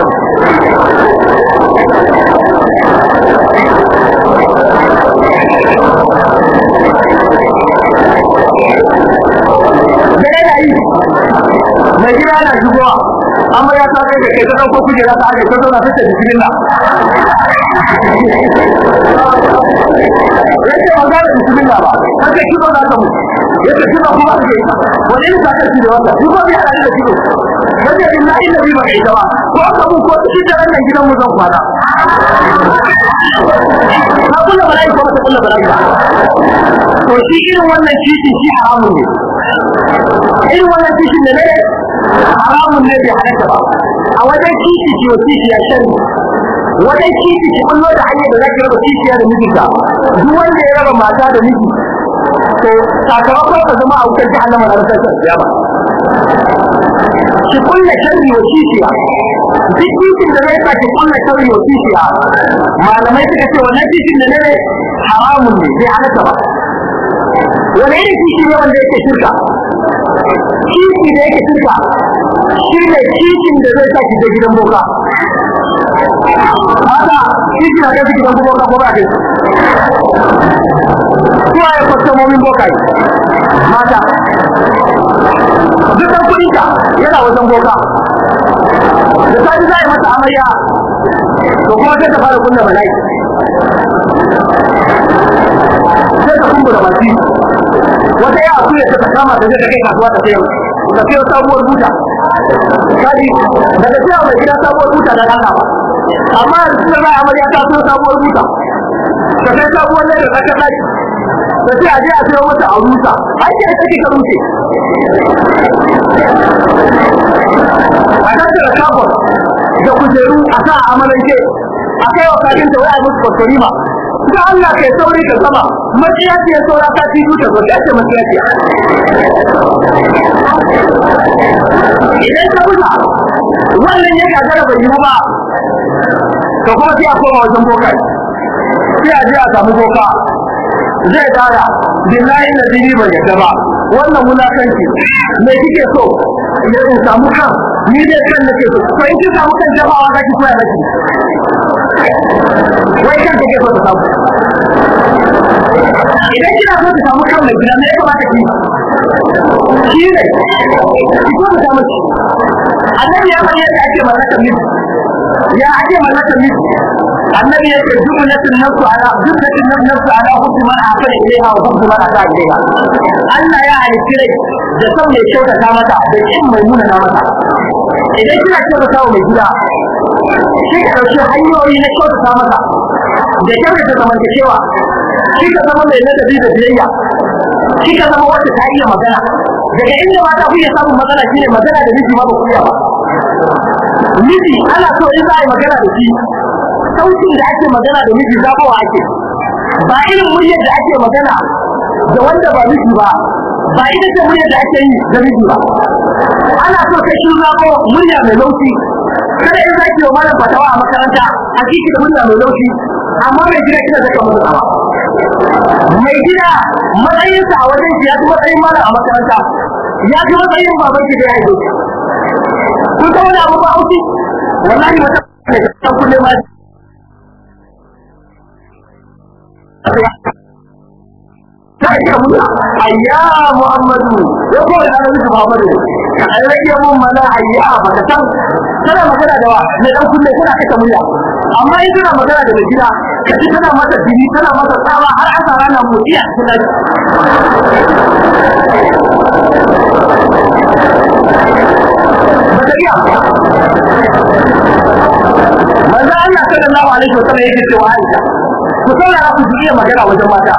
Mai gida na shigowa amma ya ta kai da kai ta dauko kujera ta aje ta zauna ta ce bismillah yace ba za ta bismillah ba kace kiba za ta mutu yace kiba kuma ta kai wani ne ta ce da wata kuma bai hada da kiba kace inna inna bi ba kai ba ko ka mu ko shi da wannan gidan mu zan kwana Na kula bala'i ko ba ta kula bala'i ba to shi irin wannan shi shi haramu ne irin wannan shi ne haramun ne bai halatta ba a wajen kishi ki kishi ya shan wajen kishi ki kullo da hanyar da zaki raba kishi da mijinka duk wanda ya raba mata da miji to sakamakon ka zama a wutar jahannama na rasar kiyama ki kulle sharri wa kishiya duk kifin da zai sa ki kulle sharri wa kishiya malamai suka ce wannan kifin da ne haramun ne bai halatta ba wani irin kishi ne wanda yake shirka Kiki da yake tuka shi ne kishin da zai sa ki gidan boka haka kiki na kai gidan boka ko ba kai ya ai kwastomomin boka ne mata dukkan kudinka yana wajen boka da sani za a yi mata amarya to kuma sai ta fara kunna bala'i ta baki wata ya ta kama kai kasuwa ta sayo ta sayo sabuwar buta kadi mai gida sabuwar buta da amma da za a amarya ta sayo sabuwar buta ta kai sabuwar da ta kai daki ta ce a je a sayo mata a rusa ai ke take ka rushe a kan da kafin da kujeru a sa amalanke a kai wa kakin ta wai musu kwatorima ga Allah kai sauri ka sama maciya ce saura ta ci ta ko ta ce maciya ce idan ka buga wannan ya gagara bai yi ba ka kuma sai a koma wajen bokai sai a je a samu boka zai tara billahi na dini bai yadda ba wannan wulakanci mai kike so ya in samu kan ni dai kan nake so to kika mutan jama'a za ki koya miki wai kan take so ta samu idan kina so ta samu kan mai gida me ya kamata ki shi ne ki so ta samu shi annabi ya faɗi yadda ake mallakar miji ya ake mallakar miji annabi ya ce jumlatin nafsu ala jumlatin nafsu ala hubbi man afala ilayha wa hubbi man ata ilayha Allah ya halitta rai da son mai kyautata mata da kin mai na mata idan kina kyautata wa mai gida sai ka ɗauki hanyoyi na kyautata mata da cewa shi ka zama mai ladabi da biyayya shi ka zama wacce ta iya magana daga inda mata ku iya samun magana shine magana da miji ma ba ku iya ba miji ana so in za a yi magana da shi sautin da ake magana da miji zabawa ake ba irin muryar da ake magana da wanda ba miji ba ba ita ce muryar da ake yi da miji ba ana so kai shi zabo murya mai laushi kada in zaki wa malam fatawa a makaranta a kike da murya mai laushi amma mai gida kina saka masa mai gida matsayinsa a wajen shi ya fi matsayin mara a makaranta ya fi matsayin baban ki da ya haife ku ta wani abu ba auki wallahi wata ne ta kulle ma ta iya mutu ayya muhammadu ya muhammadu iya magana da wa mai dan kunne tana amma magana da tana masa tana masa har iya Allah sallallahu alaihi wasallam yake cewa Aisha ku saurara ku ji magana wajen mata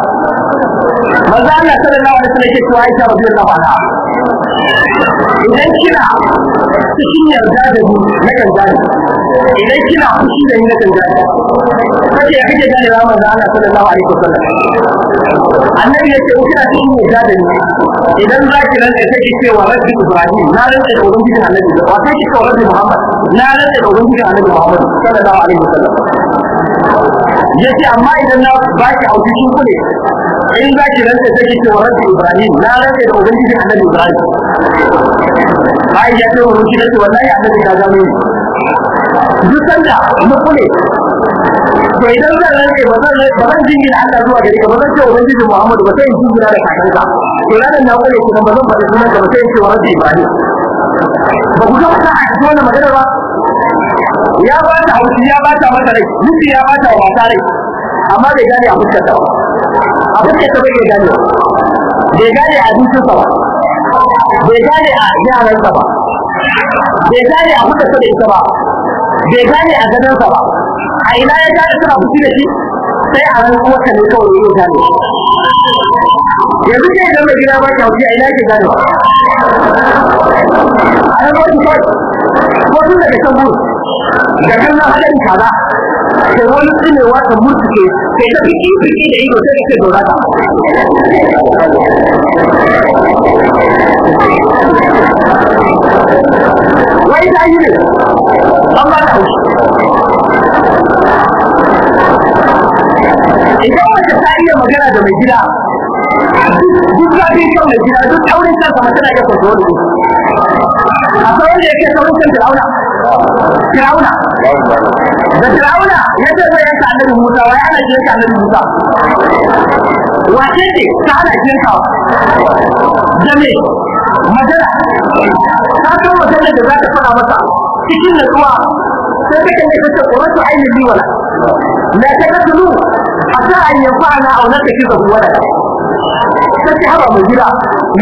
maza Allah sallallahu alaihi wasallam yake cewa Aisha radiyallahu anha idan kina cikin yarda da ni na kan idan kina shi ne na kan gane kace ya kike gane wa manzo Allah sallallahu alaihi wasallam annabi yake ko kina cikin yarda da ni idan za ki rantsa sai ki wa rabbi ibrahim na rantsa da ubangiji annabi wa sai ki wa muhammad na rantsa da ubangiji annabi muhammad sallallahu alaihi wasallam yace amma idan na baki auki shi kule in zaki rantsa ki cewa rabbi ibrahim na rantsa da ubangiji annabi ibrahim bai ya ce wa ruki da wallahi annabi ka ga mai duk sanda mu kule to idan zan rantsa ba zan ba zan jingina Allah zuwa gare ka ba zan ce ubangiji muhammadu ba sai in jingina da kakanka to ranar na kule kuma ba zan faɗi sunan ka ba sai in ce wa rabbi ibrahim ba ku ga wata a cikin wannan magana ba ya ba ta haushi ya ba ta mata rai nufi ya ba ta wa mata rai amma bai gane a fuskar ta a fuskar ta bai gane bai gane a abincin sa ba bai gane a yaran sa ba bai gane a fuskar sa da ita ba bai gane a gadon sa ba a ina ya gane suna fushi da shi sai a ran kuwa ne kawai ya gane yanzu sai idan mai gida ba ta haushi a ina ke gane ba a ran kuwa ko tun daga can gudu da kan na hadari kaza sai wani tsinewa ta ke, sai ta fi ƙi da ido sai ta dora ta wai ta yi ne an ba ta haushi idan wacce ta iya magana da mai gida duk zafin kyau mai gida duk taurin kansa mace na iya kwanto wani akwai wanda yake taurin kansa da auna Fir'auna da Fir'auna ya ce zai yanka annabi Musa wai ana ce yanka annabi Musa wace ce ta ana ce yanka da me magana ta san magana da za ta fara masa cikin natsuwa sai ta kan ta ce ƙuratu ainihin liwala la ta kasulu hatta an yanfa'ana aw nattakizahu da ta ce haba mai gida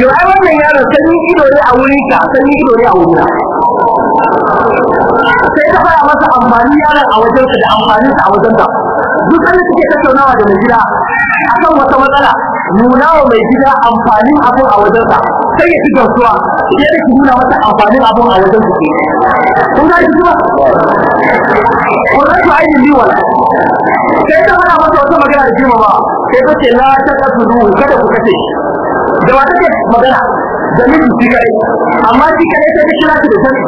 yau ai wannan yaron sanyi ido ne a wurin ka sanyi ido ne a wurin ka. sai ta fara masa amfani yaron a wajen da amfani sa a wajen da duk da suke tattaunawa da mai gida akan wata matsala nuna wa mai gida amfanin abin a wajen sa sai ya ci gamsuwa sai da nuna masa amfanin abin a wajen su kun ga shi ba wannan to ainihin biwa sai ta fara masa wata magana da ba sai ta ce la ta kasudu kada ku kace da wata magana da miji shi kare amma shi kare sai ta kira shi da sani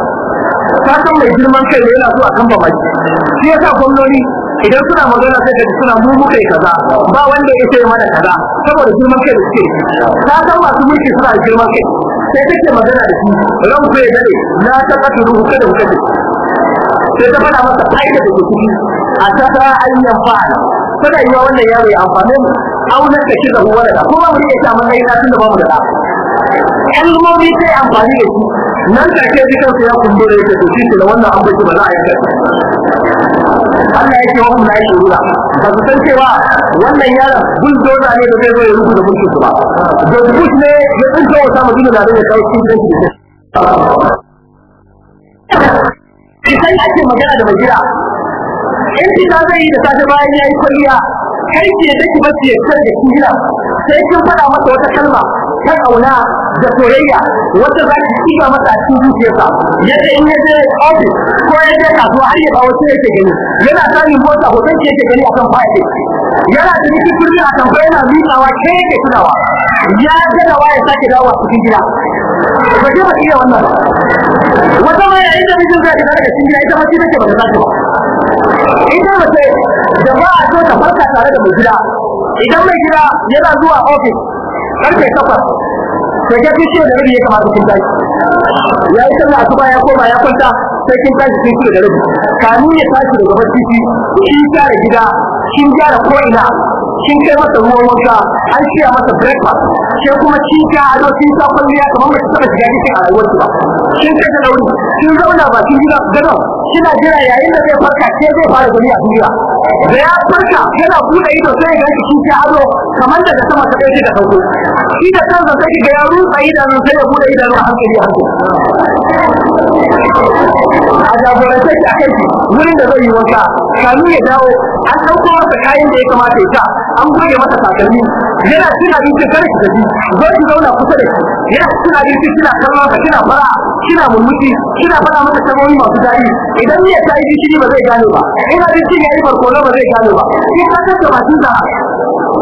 Ta san mai girman kai ne yana zuwa kan ba maki shi yasa gwamnoni idan suna magana sai da suna mu mu kai kaza ba wanda ya ce mana kaza saboda girman kai da suke Ta san masu mulki suna girman kai sai take magana da shi ran ku da ne na ta katu ruhu kada ku kace sai ta faɗa masa aika da kuɗi a ta ta ayyan fa'ala kada yi wannan yaro ya amfane mu auna da shi da huwa da ko ba mu mun samun aika tun da ba mu da ɗa kalmomi sai amfani da shi nan da ke ji kansa ya kumbura yake to shi da wannan an baki ba za a yi Allah ya ce wa Allah yake ruwa ba su san cewa wannan yaron bulldoza ne da zai zo ya rubuta mulkin ba da bush ne ya tsinta wa samu gina da zai kawo cikin kanki da shi sai ake magana da majira in ki ta zai yi da safe bayan ya yi kwalliya kai ke da ki bace ya tsare da kira sai kin faɗa masa wata kalma ta kauna da soyayya wata za ki kiga masa a cikin zuciyarsa yadda in ya je office ko ya je kasuwa har ya ba wasu yake gani yana samun mota hoton ke yake gani akan fashi yana da cikin kurmi a kan yana miƙawa ke yake tunawa ya ga da waya sake dawowa cikin gida ba ke ba iya wannan wata mai yayin da mijin zai fita daga cikin gida ita mace ce take ba ta sake ba ita mace da ba a so ta farka tare da mai gida idan mai gida yana zuwa office karfe takwas to ya da rabi ya kamata kin tashi ya yi sallah asuba ya koma ya kwanta sai kin tashi kin da rabi kanu ya tashi daga barci shi da gida kin ko ko'ina kin kai masa ruwan wanka an shirya masa breakfast sai kuma kin ga ado kin sa kwalliya kamar mace ta shiga cikin a rayuwar ba kin kashe nauyi kin zauna bakin gida gado kina jira yayin da zai farka ke zai fara gari a duniya da ya farka yana buɗe ido sai ga shi ta ado kamar daga sama ta kai da farko shi da kansa sai ga ya rusa idanun sai ya buɗe idanun a hankali a hankali a jagorance shi akai shi wurin da zai yi wanka kanu ya dawo an ɗauko masa kayan da ya kamata ya sa an goge masa takalmi yana cin abinci kare shi gaji zo ki zauna kusa da shi yana cin abinci kina kallon sa kina fara kina murmushi kina faɗa masa kalmomi masu daɗi idan ya ta yi gishiri ba zai gane ba ina abincin ya yi barkono ba zai gane ba in ka tattaba shi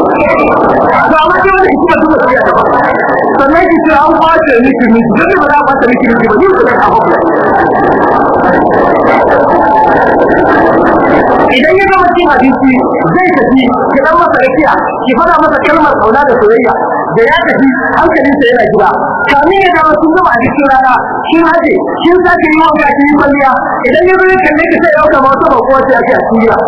to amma dai wannan ya sannan ki ce an kwace miki miki dan ba za a kwace miki ba ni ku da ka idan ya gama cin abinci zai tafi ki dan masa rakiya ki fada masa kalmar kauna da soyayya da ya tafi hankalin sa yana gida kamin ya dawo sun gama a cikin rana kin haje kin sake yi wanka kin yi kwalliya idan ya zo kalle ka sai ya dauka mota ba ko wata yake a cikin gida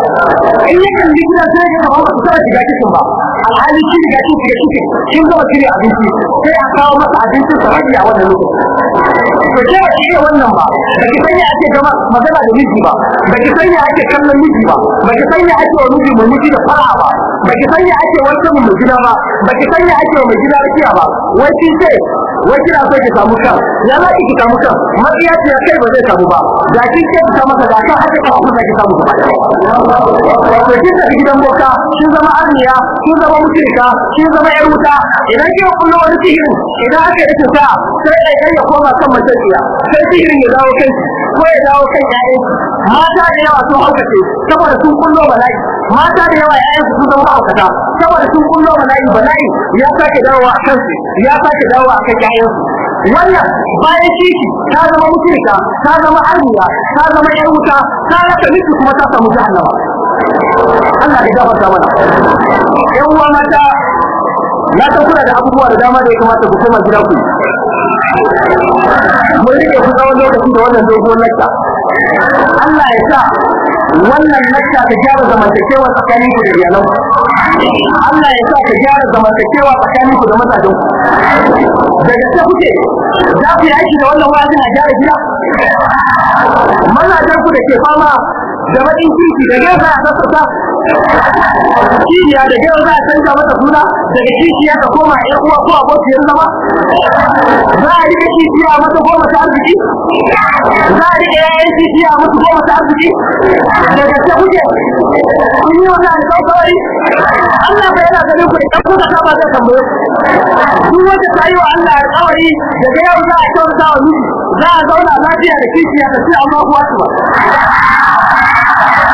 in ya kalli gida sai ya kawo ta shiga cikin ba alhali kin riga kin shiga cikin kin gama kire abinci sai a kawo masa abincin sa rabi a wannan lokacin to ke ki wannan ba baki ki sanya ake gama magana da miji ba baki ki sanya ake kallon miji ba baki ki sanya ake wa miji mai miji da fara ba ba ki sanya ake wanke mu mai gida ba baki ki sanya ake wa mai gida rakiya ba wai shi ce wai kina so ki samu kan ya za ki samu kan matsiya ce kai ba zai samu ba da kin ce ta masa da kan haka ka kuma ki samu to kin da gidan boka kin zama arniya kin zama mushrika kin zama yar wuta idan kin kullu wani sihiri idan aka yi ta sai kai ya koma kan matsiya sai sihirin ya dawo kai ko ya dawo kan yayin mata da yawa sun haukace saboda sun kullo bala'i mata da yawa yayin sun zama haukata saboda sun kullo bala'i bala'i ya sake dawowa a kansu ya sake dawowa a kan yayin wannan bayan kishi ta zama mutunta ta zama arniya ta zama yar wuta ta rasa miki kuma ta samu jahannama Allah ya gafarta mana yan uwa mata na ta kula da abubuwa da dama da ya kamata ku koma gida ku mun rike ku tsawon lokaci da wannan dogon lakka Allah ya sa wannan lakka ta gyara zamantakewa tsakanin ku da iyalan Allah ya sa ka gyara zamantakewa tsakanin ku da mazajen ku da gaske kuke za ku yi aiki da wannan wani suna gyara gida mazajen ku da ke fama da baƙin kirki da gefe a sassauta kishiya da yau za a canza masa suna daga kishiya ta koma ƴan uwa ko abokiyar zama za a rike kishiya mata goma ta arziki za a rike yayin kishiya mata goma ta arziki da gaske kuke kun yi wannan alƙawari Allah bai yana ganin ku idan kuka saba zai tambaye ku duk wanda ta yi wa Allah alƙawari daga yau za a canza wa miji za a zauna lafiya da kishiya da ce amma kuwa ba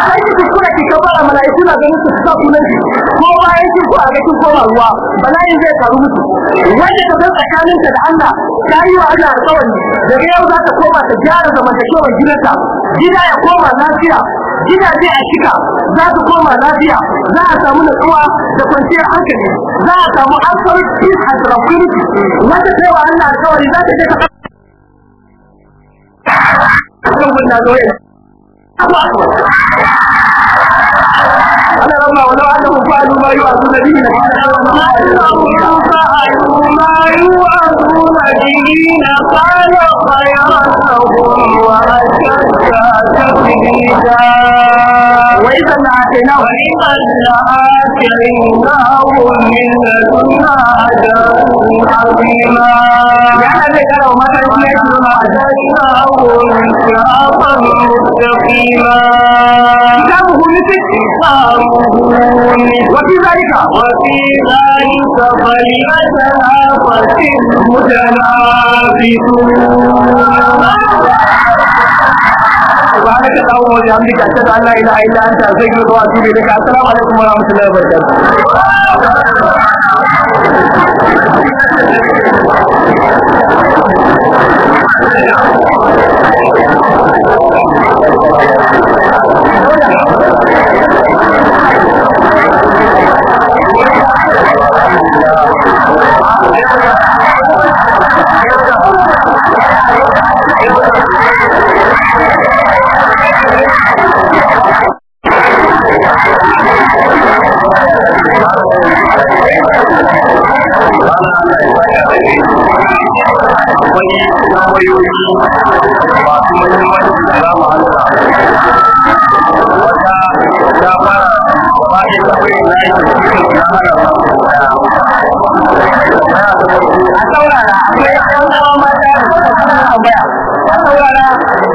sai ki kuskura ki kafara mala'ika. kuna ganin su sa kunan shi ko bayan kin ko a ga kin koma ruwa bala'in zai karu musu wanda ka san tsakanin ka da Allah ta yi wa Allah alƙawari da yau za ta koma ta gyara zamantakewar gidanka gida ya koma lafiya gidaje a shiga za su koma lafiya za a samu natsuwa da kwanciyar hankali za a samu ansar peace and tranquility wanda sai wa Allah alƙawari za ta je ta kan wannan doyen قال ربما ولو انهم فعلوا ما يوعظون به لكان فعلوا ما يوعظون به لكان خيرا لهم واشد تثبيتا وإذا آتيناه وإذا آتيناه من لدنا أجرا عظيما يعني ذكر وما تكلم أجرناه صراطا مستقيما كتابه مثل وفي ذلك وفي ذلك فليتنافس المتنافسون ranar ka samu wani a ka a Allah ila a anta sai ka zuwa cibiyar ka assalamu alaikum wa rahmatullahi wa barakatuh a saurara a saurara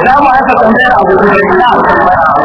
za mu haka tambayar abu da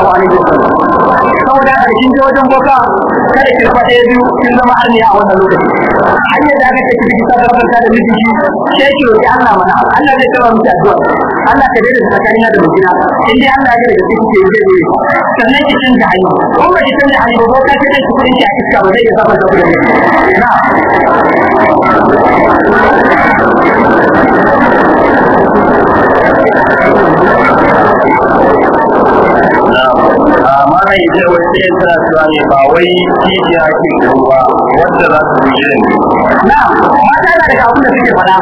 sallallahu alaihi wasallam saboda haka kin je wajen boka kada ki fada biyu kin zama arni a wannan lokaci hanyar da aka tafi ki saka barka da miji sai ki roki Allah mana Allah zai taba miki addu'a Allah ka daina tsakanina da mijina in dai Allah ya da kike yi zai yi sannan ki canza hanya ko ba ki canza hanya ba ka kace ki kuri ki a iska ba zai zama da kudi na amma na yi da wata yin tana cewa ne ba wai kishi ake ruwa wanda za su yi irin na mata na daga abin da suke fada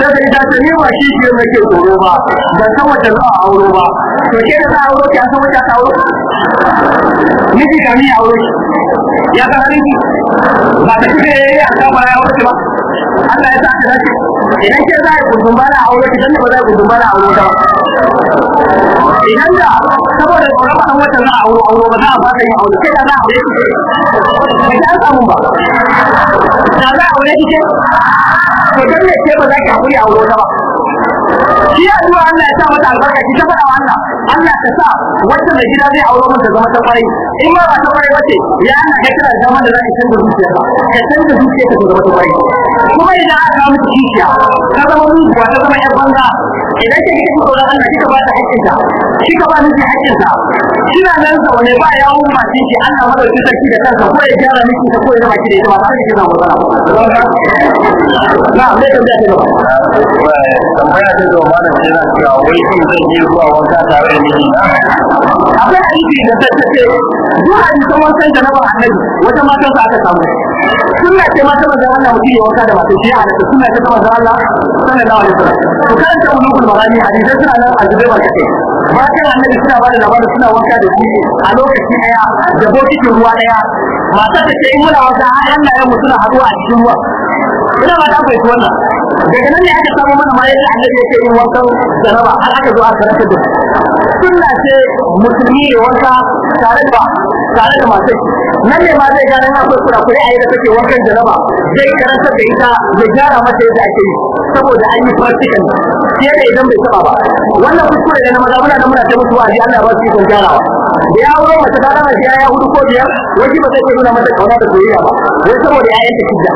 sai da ita ta nema kishi mai ke tsoro ba ban san wata za a auro ba to ke da za a auro ki a san wata ta auro miji ka ni auro shi. ya ka hari ba ta kike a kan ba ya wuce ba Allah ya sa ka dace idan ke za a yi gudun bana auro ki dan ba za a yi gudun bana auro ta idan da saboda tsoron wata za a aure auro ba za a fata yin aure sai da za a aure kike bai ta samu ba da za a aure kike to dan ne ke ba za ki aure aure ba shi addu'a Allah ya sa mata albarka ki ta faɗa wannan Allah ta sa wacce mai gida zai auro mata zama ta in ma ba ta ba ce ya Allah ka kira zama da za ka canza zuciya ka canza zuciya ka zama ta kwarai kuma idan aka kawo kishiya ka zama muguwa ta zama yan banza idan kika kika tsoron Allah kika ba ta hakkinta kika ba miki hakkinta kina nan sa wani ba ya umma shi ki Allah madauki sarki da kansa ko ya gyara miki ko ya zama ki da ita ba za zama matsala na tambaya ta magana ce za ka wai shin zai je zuwa wanka tare da miji akwai hadisi da ta ce duk hadisan wankan da na ba annabi wata matan sa aka samu sunna ce mata manzon Allah mutum ya wata da masu shi ya halatta sunna ce ta manzon Allah sallallahu da wasallam to kan ta ulul marani hadisan suna nan a azubai ba kake matan annabi suna ba da labarin suna wanka da shi a lokaci daya da bokitin ruwa daya matar ta ce in muna wanka har hannayen mu suna haduwa a cikin ruwa ina ma ta fahimci wannan daga nan ne aka samu mana ma yadda annabi yake yin wankan jaraba har aka zo aka rasa duk sunna ce musulmi ya wanka tare da tare da masu nan ne ma zai gane akwai kurakure a yadda take wankan jaraba zai karanta da ita ya gyara mata yadda ake yi saboda an yi fasikan sai da idan bai saba ba wannan kuskure da na maza muna da muna ta mutuwa ji Allah ba su yi gyarawa da ya aure mace ta dana shi ya hudu ko biyar wani ba zai iya nuna mata kauna da soyayya ba wai saboda ya yanke kidda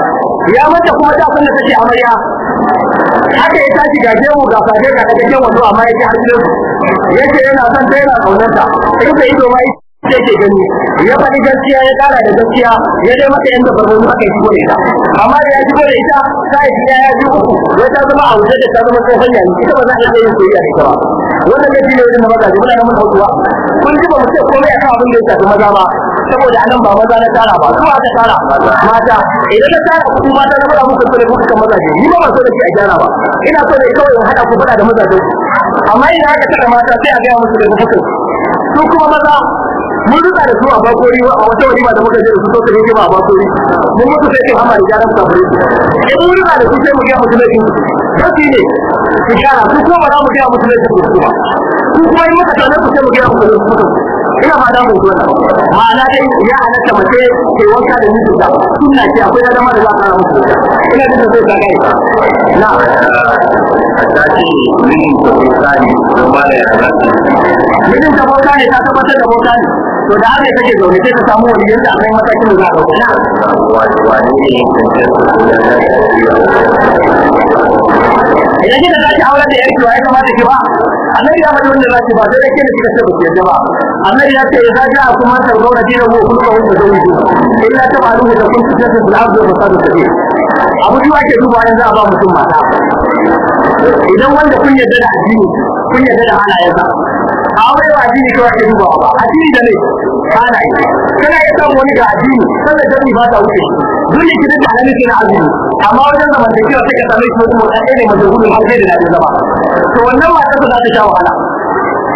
ya mata kuma ta san da take amarya haka ya tashi ga gemu ga sade ga kake gemu amma yake har yanzu yace yana son ta yana kaunarta sai da ido ma yake gani ya faɗi gaskiya ya ƙara da gaskiya ya dai mata yanda farko aka yi shigo da ita amma da ya shigo da ita ta ya ya ji ya ta zama a waje da ta zama hanya ita ba za a iya yin soyayya da ita ba wannan gaji ne wajen maza ji muna nan hutuwa kun ji ba mu ce komai akan abin da ya shafi maza ba saboda anan ba maza na tara ba su aka tara mata idan na tara ku muku maza ni ba so da ke a gyara ba ina so ne kawai in haɗa ku faɗa da mazaje amma ina aka tara mata sai a gaya musu da su kuma maza mun rika da su a bakori a wata walima da muka je da su to kare ba a bakori mun mutu sai ke hama da jaran sabri in mun rika da su sai mu ga musulunci kafi ne ishara kuma ba za mu ga musulunci su kuma in muka tare ku sai mu ga musulunci ina ba da mutu ma'ana dai ya halatta mace ke wanka da miji da sunna ce akwai da dama da za a mutu ina da zai ga kai na tashi miji ko sani ko ba da mijin da bauta ne ta tabbatar da bauta ne to da haka take zaune sai ta samu wani yadda akwai matakin da za a dauka na ne idan da zaki aure da yanki wa ya kamata ki ba annabi ya faɗi wannan zaki ba sai dai kike kika saba ki ba annabi ya ce idza ja'a kuma tarbu radina mu kun ka wanda zai yi illa ta malu da kun kike da al'abdu wa sadu kabe abu ji ke duba yanzu a ba mutum mata idan wanda kun yarda da addini kun yarda da halayensa a wani ba addini kawai ake dubawa ba addini da ne kana yi kana iya samun wani ga addini sannan da ba ta wuce dole ki dinga halin kina azumi amma wajen da zamantakewa sai ka same shi wani mutane ne majalulun har sai da daɗin zama to wannan mata ta za ta sha wahala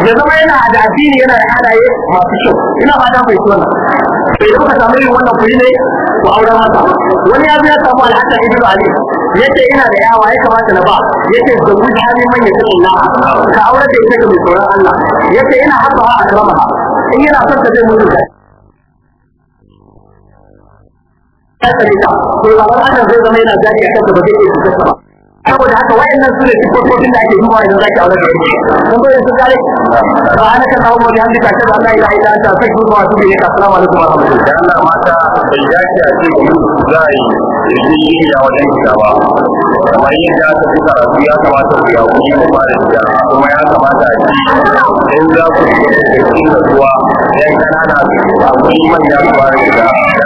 ya zama yana da addini yana da halaye masu kyau ina fata bai tona sai kuka samu yin wannan kuɗi ne ku auren masa wani ya zo ya samu al'adar ibnu ali yace ina da yawa ya kamata na ba yace da wuri hali manya ta tsaya ka aure da ita ga mai tsoron Allah yace ina haka a karama in yana son ta zai mutu ta tsare ta to labar zai zama yana jari akan da ba zai iya tsare ba saboda haka wayannan su ne da ake dubawa idan zaki aure da yanki kun bai su kare ba ana kashe ba ya ta sai su da Allah mata bai dace a ce mun zai yi ya wajen ba kamar yadda ta fi karatu ya kamata ku ya kuɗi mu fara kuma ya kamata a ce in za ku yi da yan kanana a manya ku fara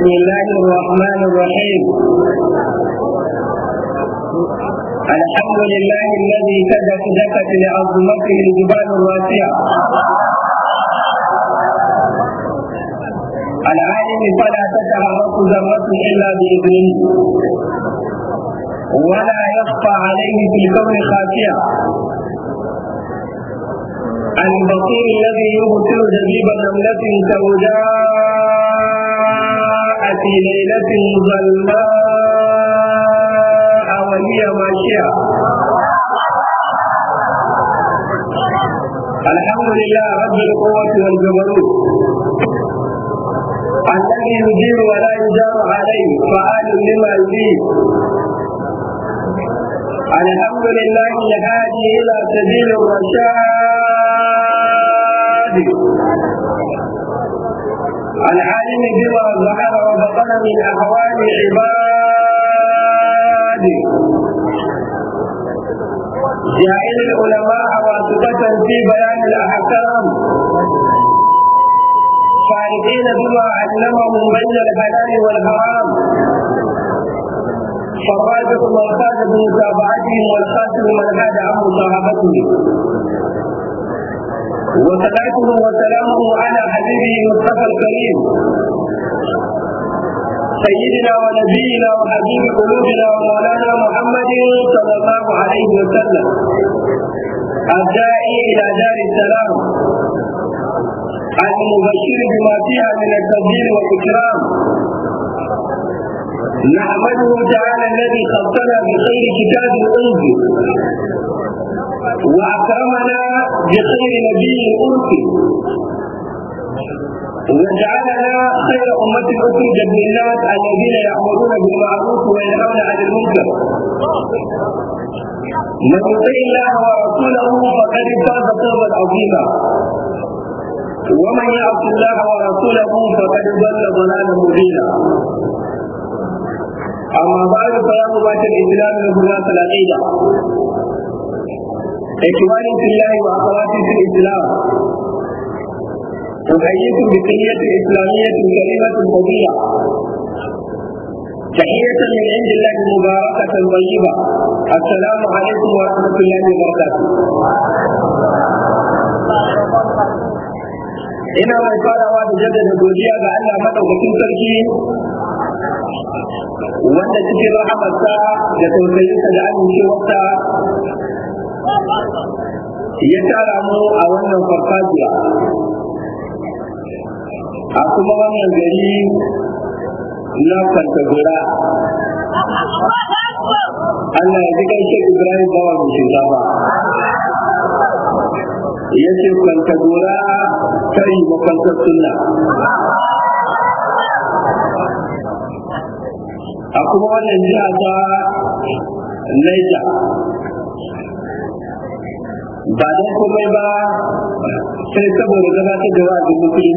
بسم الله الرحمن الرحيم الحمد لله الذي كدت دكت لعظمته الجبال الواسعة العالم فلا تتحرك ذرة إلا بإذنه ولا يخفى عليه في الكون خاشعة البصير الذي يبصر جذيب نملة سوداء في ليلة ظلماء وهي ماشية الحمد لله رب القوة والجبروت الذي يجير ولا يجار عليه فعال لما يجيب الحمد لله الهادي إلى سبيل الرشاد العالم بما ظهر وبطن من أهوال العباد جعل العلماء واسطة في بيان الأحكام فارقين بما علمهم بين الحلال والحرام فالرابط من خالف متابعتهم والخاسر من هذا عن مصاحبته وصلاته وسلامه على حبيبه مصطفى الكريم سيدنا ونبينا وحبيب قلوبنا ومولانا محمد صلى الله عليه وسلم الداعي الى دار السلام المبشر بما فيها من التبديل والاكرام نحمده تعالى الذي خلقنا بخير كتاب انزل وأكرمنا بخير نبي أرسل وجعلنا خير أمة أخرجت للناس الذين يأمرون بالمعروف وينهون عن المنكر من يطع الله ورسوله فقد فاز فوزا عظيما ومن يعص الله ورسوله فقد ضل ضلالا مبينا أما بعد فيا مباشر الإسلام من هناك العقيدة إخوان في الله وأخوات في الإسلام أحييت بقية إسلامية كلمة فضيلة تحية من عند الله مباركة طيبة السلام عليكم ورحمة الله وبركاته إنا ما يقال أواد جدا نقوديا بأن أمد وكتن تركي وأن تجد رحمة الساعة يتوسيس لأن في وقتها ya tara mu a wannan farfajiya a kuma wannan gari na kantagura Allah ya ji gaishe Ibrahim bawa shi shugaba ya ce kantagura ta yi makwantar sunna a kuma wannan jiha ta Niger ba don komai ba sai saboda gabatar da wa'azin musulunci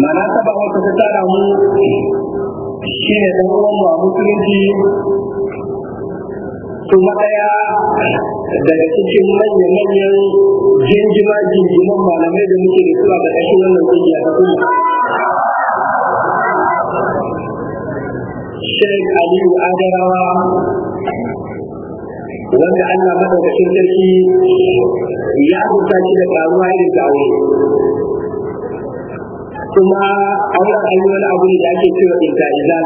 mana saba wata ta tara mu shi ne ɗan uwan mu a musulunci kuma ɗaya daga cikin manya-manyan jinjima jinjiman malamai da muke da su a ƙarƙashin wannan kungiya ta kuma Sheikh Aliyu Adarawa wanda Allah madaukakin sarki ya azurta shi da karuwa irin ta aure kuma aure an yi wani abu ne da ake cewa inta'iza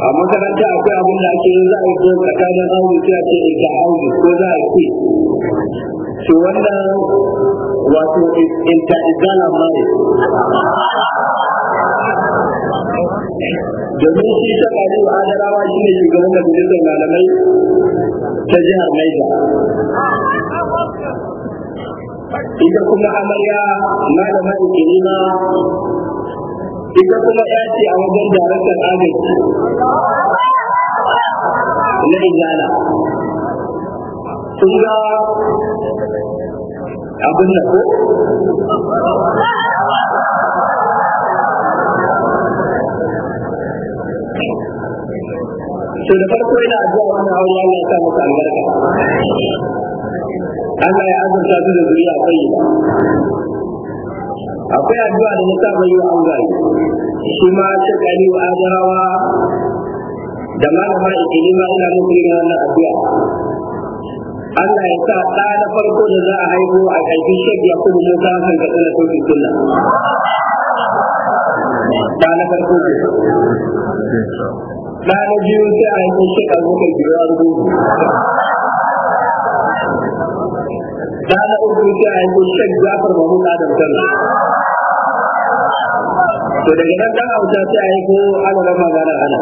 a makaranta akwai abin da ake yi za a yi ko tsakanin aure sai a ce inta aure ko za a ce to wannan wato inta izala ma ne domin shi ta faru a adarawa shi ne shugaban da majalisar malamai ta jihar Niger. Ita kuma amarya malamar ikirima ita kuma ya ce a wajen darakar agaji na ijana. Sun ga abin da ko? to da farko ina addu'a wannan aure Allah ya sa maka albarka Allah ya azurta su da zuriya tayyiba akwai addu'a da na saba yi wa aure shi ma ta kali wa ajarawa da malama ikilima ina muku yin wannan addu'a Allah ya sa ɗa na farko da za a haihu a ƙarfi shaɗi a kuma mun san kan kaɗan da sauƙi sunna ɗa na farko na na biyu sai a yi shi a zuwa gida rubu na na uku sai a yi shi jafar mahmud adam kan to daga nan dan sai a yi ko ana da magana ana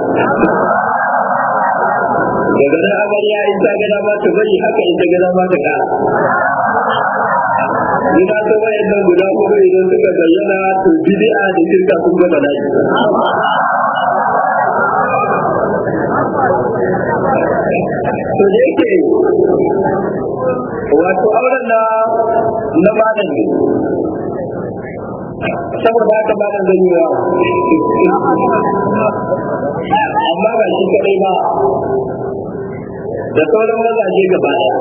daga nan amarya in ta gada ba ta bari haka in ta gada ba ta kara in ka san wayannan guda hudu idan suka bayyana to bid'a da shirka sun gama naji to da yake wato auren na na malam ne saboda haka malam zan yi amma ba shi kaɗai ba da sauran mazaje gaba daya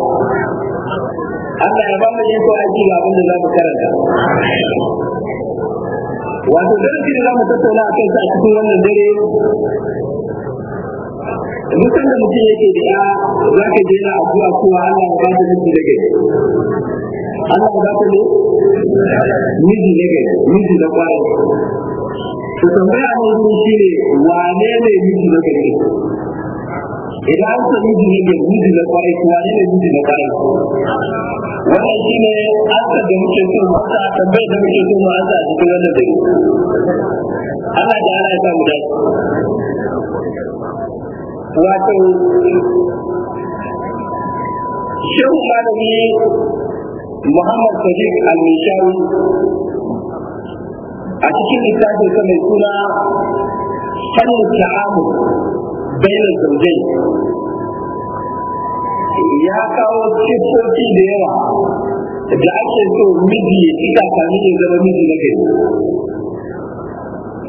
Allah ya ba mu yin ko aiki ga abin da za mu karanta wato darasi da za mu tattauna a kansa a cikin wannan dare mutum da mutum yake da ya za ka je na addu'a kowa Allah ya ba miji da Allah ya ne miji na gari miji na kwarai to tambaya a wani shi ne wane ne miji na gari idan an san miji ne miji kwarai wane ne miji na kwarai wannan shi ne asar da muke so mu asa tambayar da muke so mu asa a cikin wannan dare Allah da ya samu wato shehu malami muhammad sadiq al-nishawi a cikin littafin sa mai suna fannin ta'amu bayan zaujai ya kawo siffofi da yawa da ake so miji ya fita kamin ya zama miji na kai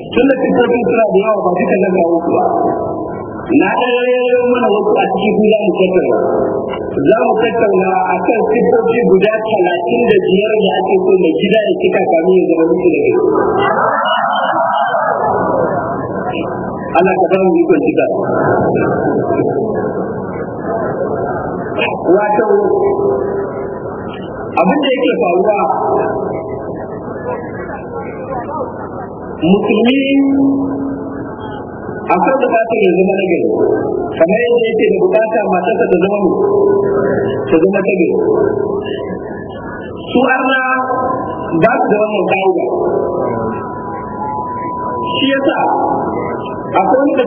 tun da siffofin suna da yawa ba duka nan kawo su ba na ɗayayyar mana wasu a cikin za mu tattauna za mu tattauna a kan siffofi guda talatin da biyar da ake so mai gida ya cika kamin ya zama mutu da Allah ka zama mu cika. Wato, abin da yake faruwa musulmi akwai bukatar ya zama na gari kamar yadda yake da bukata matarsa ta zama ta zama ta gari su arna ba su da wannan ka'ida shi yasa akwai wani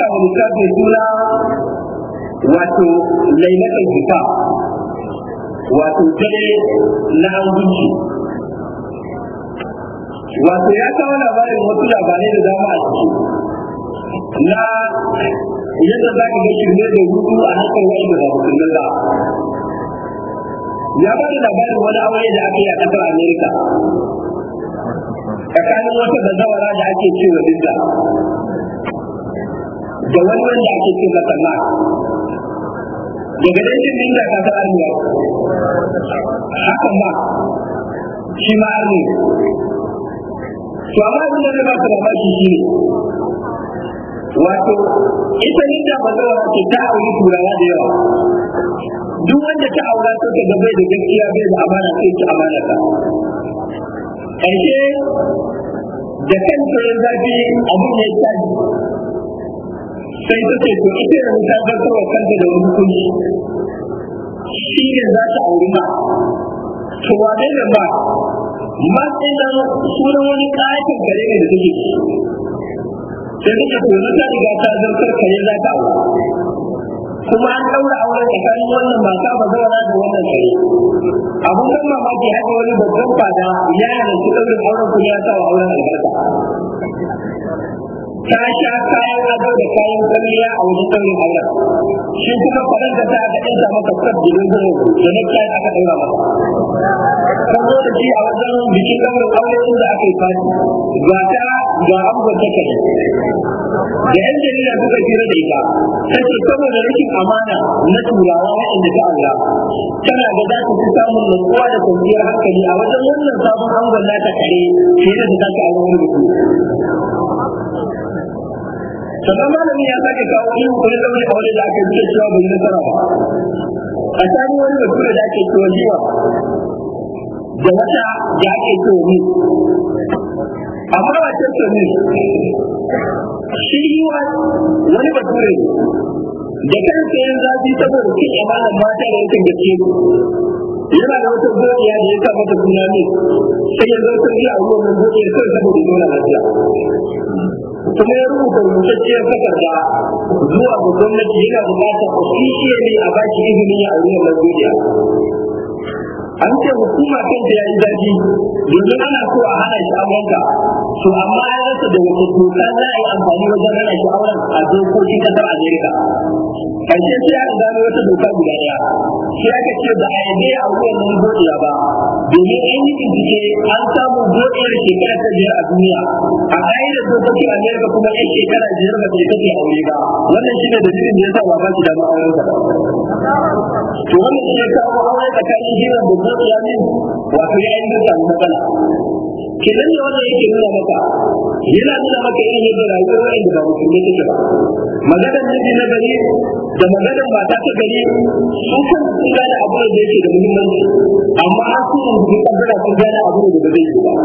ya wani da ya suna wato lailatul hijab wato dare na anguci wato ya kawo labarin wasu labarai da dama a ciki na yadda za ka ga shirme da hudu a hankali wani da ba musulmin ya ba da labarin wani aure da aka yi a ƙasar amerika tsakanin wata bazawara da ake cewa dinda da wani wanda ake ce masa daga nan jin din da ka ta arniya hakan ba shi ma arni to amma abin da ba su ba shi ne wato ita ni da ba zama ce ta aure turawa da yawa duk wanda ta aura ta ga bai da gaskiya bai da amana sai ta amana ta ƙarshe da kan tsoron zafi abin ya yi sai ta ce to ita da ta zartar wa kanta da wani kuɗi shi ne za ta auri ba to dai da ba ma sai da sunan wani kayan gare ne da take sai ta ce to na ta riga ta zartar ka ne za ta auri kuma an ɗaura auren tsakanin wannan mata ba zai da wannan kare abun kan mamaki haka wani babban fada ya yana da su ɗaurin auren kuma ya sa wa auren albarka ta sha kayan ado da kayan kwalliya a wajen ɗaurin auren shi kuma kwanan da ta ga ɗanta maka sabbi don zama da na kayan aka ɗaura masa kan zo da shi a wajen bikin ɗaurin auren da aka yi fati ga ta ga ta take da yan jarida suka kira da ita ta ce saboda rikin amana na turawa waɗanda ta Allah. tana da za ta fi samun natsuwa da kwanciyar hankali a wajen wannan sabon angon nata kare fiye da ta ta aure wani sannan malami ya sake kawo yin kuma da a wani da ake ce cewa bai nasara ba a sani wani da kuma da ake cewa jiwa da wata da ake cewa ni amma ba ce ce ni shi yiwa wani bature da kansa yin zafi saboda cin amanar mata da yankin da ke yana da wata godiya da ya sa mata suna ne sai ya zo sun yi a ruwan godiya kawai saboda nuna lafiya kuma ya rubuta rubutacciyar takarda zuwa ga gwamnati yana bukatar officially a ba shi izini ya aure wannan an ce hukuma kan da yayi zafi domin ana so a hana shi aurenka to amma ya rasa da wata doka za a yi amfani wajen hana shi auren a dokokin kasar Amerika karshe sai aka gano wata doka guda daya sai aka ce ba a yabe a wurin nan godiya ba domin an yi bincike an samu godiyar shekara ta biyar a duniya a ƙa'idar dokokin Amerika kuma ya shekara biyar ba ta kake aure ba wannan shi ne dalilin da ya sa ba ba shi to wannan shi ya kawo aure tsakanin jiran da farko ya min wato ya yi da samu matsala kenan ne wanda yake nuna maka yana nuna maka irin yadda rayuwar wa'anda ba musulmi take ba magana miji na gari da magana mata ta gari su kan sun gane abin da yake da muhimmanci amma an su rubutu kaddara sun gane abin da ba zai yi ba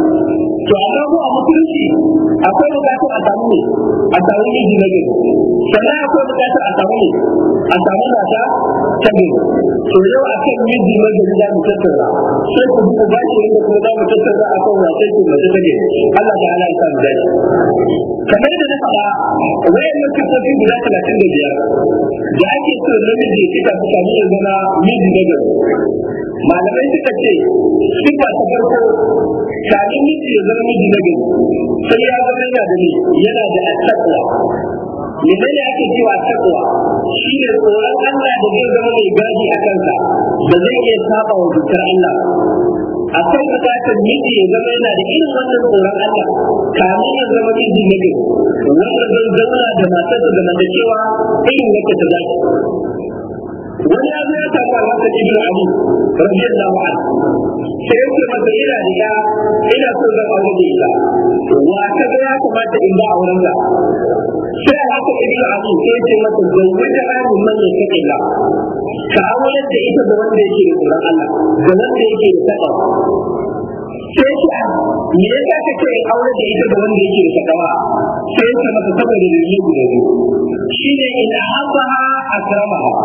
to amma ko a mutunci akwai bukatar a samu ne a samu miji na gari sannan akwai bukatar a samu ne a samu na ta gari to yau a kan miji na gari za mu tattara sai ku buɗe gashi yadda kuma za mu tattara a kan wasan ku mace ta gari Allah ta ala ya mu dace kamar da na faɗa wayannan kasafin guda talatin da biyar da ake so namiji suka fi samu ya zama miji na gari malamai suka ce suka ta farko sami miji ya zama miji na gari sai ya zama yana da ni yana da attaqwa menene ake cewa takwa shi ne tsoron Allah da zai zama mai gadi a kansa da zai iya saba wa dokar Allah akwai bukatar miji ya zama yana da irin wannan tsoron Allah kamar ya zama miji ne ne wanda zan zauna da matarsa da mata cewa irin yadda ta dace wani ya zo ya tafi alhassan ibn ali radiyallahu anhu sai ya ce masa ina da ina so zama wani da ita wa ta ga ya kamata in ba a wurin da sai alhassan ibn abu sai ya ce masa zauwa da hannun man ya kaɗe da ka aure da ita da wanda yake da tsoron Allah da wanda yake da taɓa sai ce ah, me yasa kake aure da ita da wanda yake da takawa sai ce masa saboda ne guda biyu shine in asaha akramaha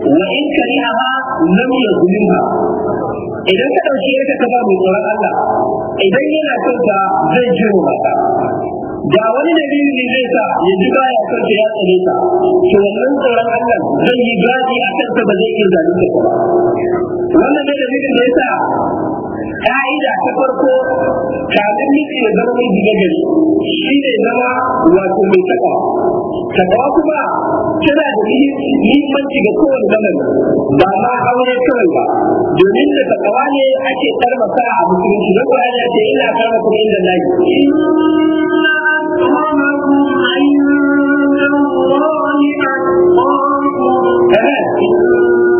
wa in kariha lam yuzlimha idan ka ɗauki yarka ka ba mai tsoron Allah idan yana son ta zai jiro mata da wani dalili ne zai sa ya ji baya son ta ya tsare ta to wannan tsoron Allah zai yi gadi a kanta ba zai iya zalunta ba wannan ne dalilin da ka'ida ta farko kafin miki ya zama mai diga gari shi ne zama wato mai taɓa taɓa kuma tana da muhimmanci ga kowane zaman ba ma aure kawai ba domin da taɓawa ne ake tarmasa a musulunci na kuwa ya ce ina kama kuma inda na yi Thank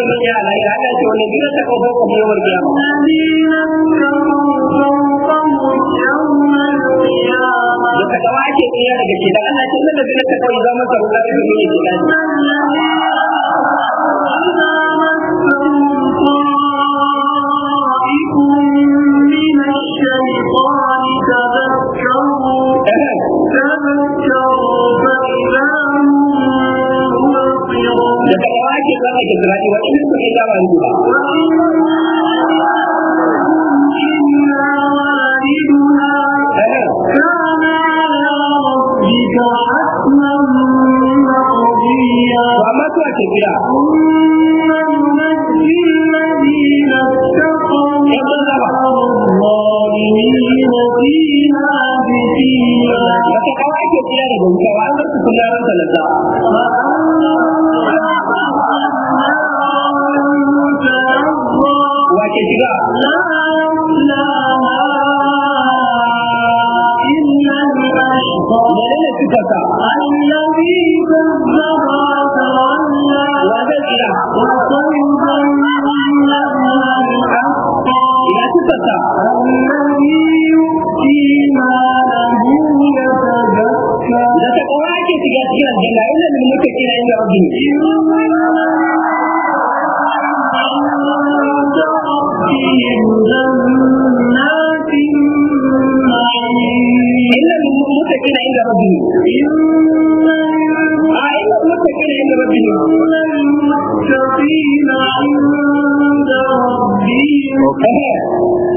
zai sanya a lahira Allah ce wani zina ta kawo kuma yawar kiyama daga ke da Allah ce nan da zina ta kawo ela ainda.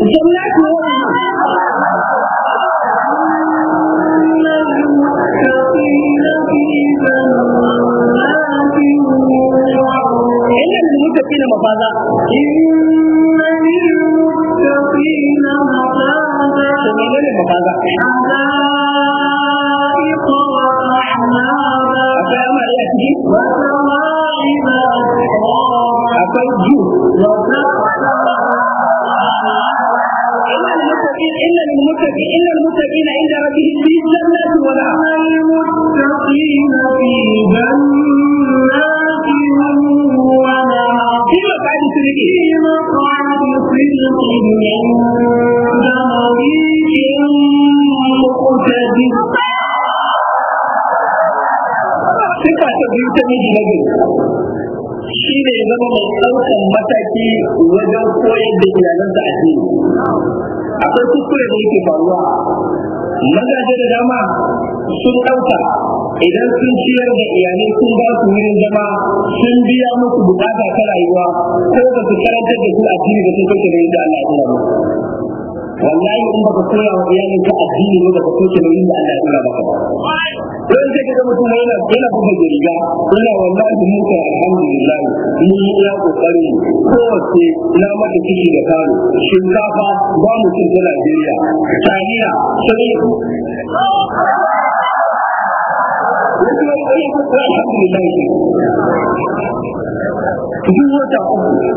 yo suke faruwa mazaje da dama sun ɗauka idan sun ciyar da iyalai sun ba su wurin zama sun biya musu bukata ta rayuwa ko ba su karantar da su addini da sun kauce da yadda Allah ya wallahi in ka koya wa iyalin ka addini ne baka kauce da yadda Allah ya tura ba ko ga mutum yana yana buga da riga ina wallahi muka alhamdulillah mun yi ya kokari mata ciki da kano shinkafa ba mu cin ta Najeriya sai duk wata uku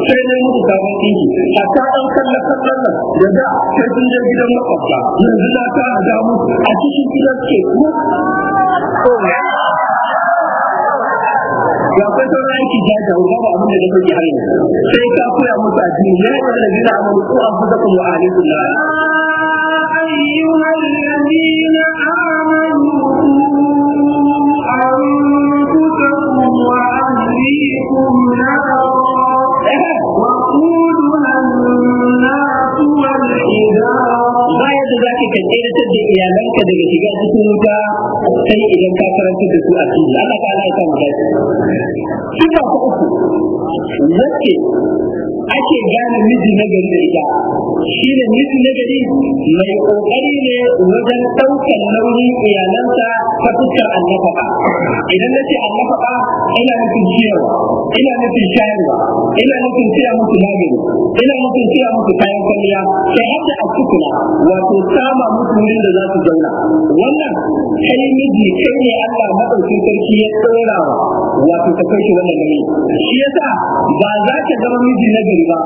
sai mutu sabon a kallon da da sun je gidan makwabta yanzu na ta a damu a cikin gidan ke kuma so ya kai sauran aiki ta da ba ba abin da ka sauke hari sai ka koya musu addini ya yi wadda gina a mutu a kusa kuma a halittun na أيها الذين آمنوا أنفسكم وأهليكم نارا ka tseratar da iyalanka daga shiga cikin wuta sai idan ka karanta da su a cikin Allah ta Allah ya sa mu dace sifa uku ake gane miji na gari da ita shi da miji na gari mai kokari ne wajen ɗaukar nauyi iyalansa ta fuskar annafaka idan na ce annafaka ina nufin ciyarwa ina nufin shayarwa ina nufin siya musu magani ina nufin siya musu kayan kwalliya sai haka a cikina wato sama musu wurin da za su zauna wannan kai miji kai ne Allah madaukin sarki ya tsorawa wato ta kai shi wannan nauyi shi yasa ba za ka zama miji na gari ba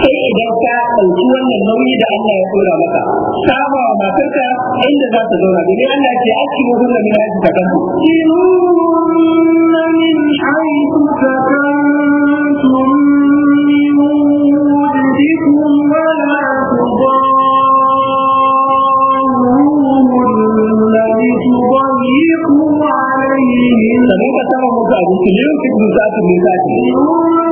sai idan ka ɗauki wannan nauyi da Allah ya tsora maka saba wa matarka inda za ta zauna domin Allah ke aski wa hunna min haitu takantu inna min haitu takantum min wujidikum wa la لتضيقوا عليهم فمن ترى مكاتب ta مكاتب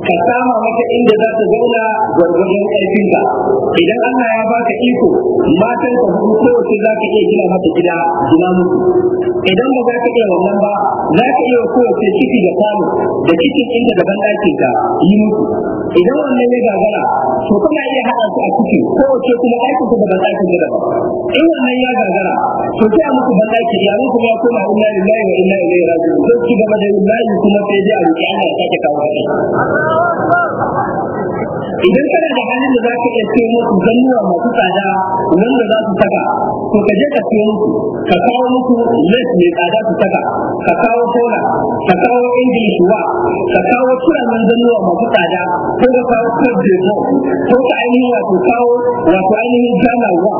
ka sama mata inda za ta zauna gwargwadon ƙarfinka idan Allah ya baka iko matan ka hudu kowace za ka iya gina mata gida gina musu idan ba za ka iya wannan ba za ka iya kowace ciki da kwano da cikin inda daban ɗakin ka yi musu idan wannan ya gagara to kana iya haɗa su a ciki kowace kuma ɗakin ku daban ɗakin ka daban in wannan ya gagara to sai a muku ban ɗakin ya muku ya koma inna lillahi wa inna ilaihi ci gaba da yin layi kuma sai dai a roƙi Allah ya sake kawo shi idan kana da halin da za ka iya ce musu zannuwa masu tsada wanda za su saka to ka je ka ce musu ka kawo musu les mai tsada su saka ka kawo kona, ka kawo injin shuwa ka kawo turamin zannuwa masu tsada ko ka kawo club de ko ka ainihin wato kawo wato ainihin ghana wa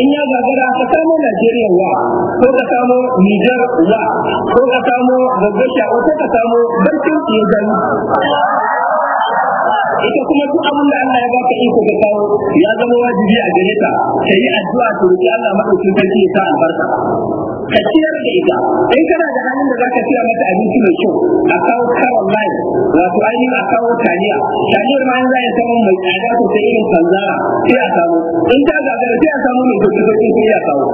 in ya gagara ka samo Najeriya wa ko ka samo nijar wa ko ka samo babbar ko ka samo barkin tiyajani ita kuma duk abin da Allah ya ba ka iko ga kawo ya zama wajibi a gare ta ta yi addu'a ta roki Allah madaukakin sarki ya sa albarka ka ciyar da ita in kana da halin da zaka siya mata abinci mai kyau a kawo karon mai wato ainihin a kawo taliya taliyar ma za yi samu mai tsada sosai irin sanzara sai a samu in ta gagara sai a samu mai gudugudu sai a kawo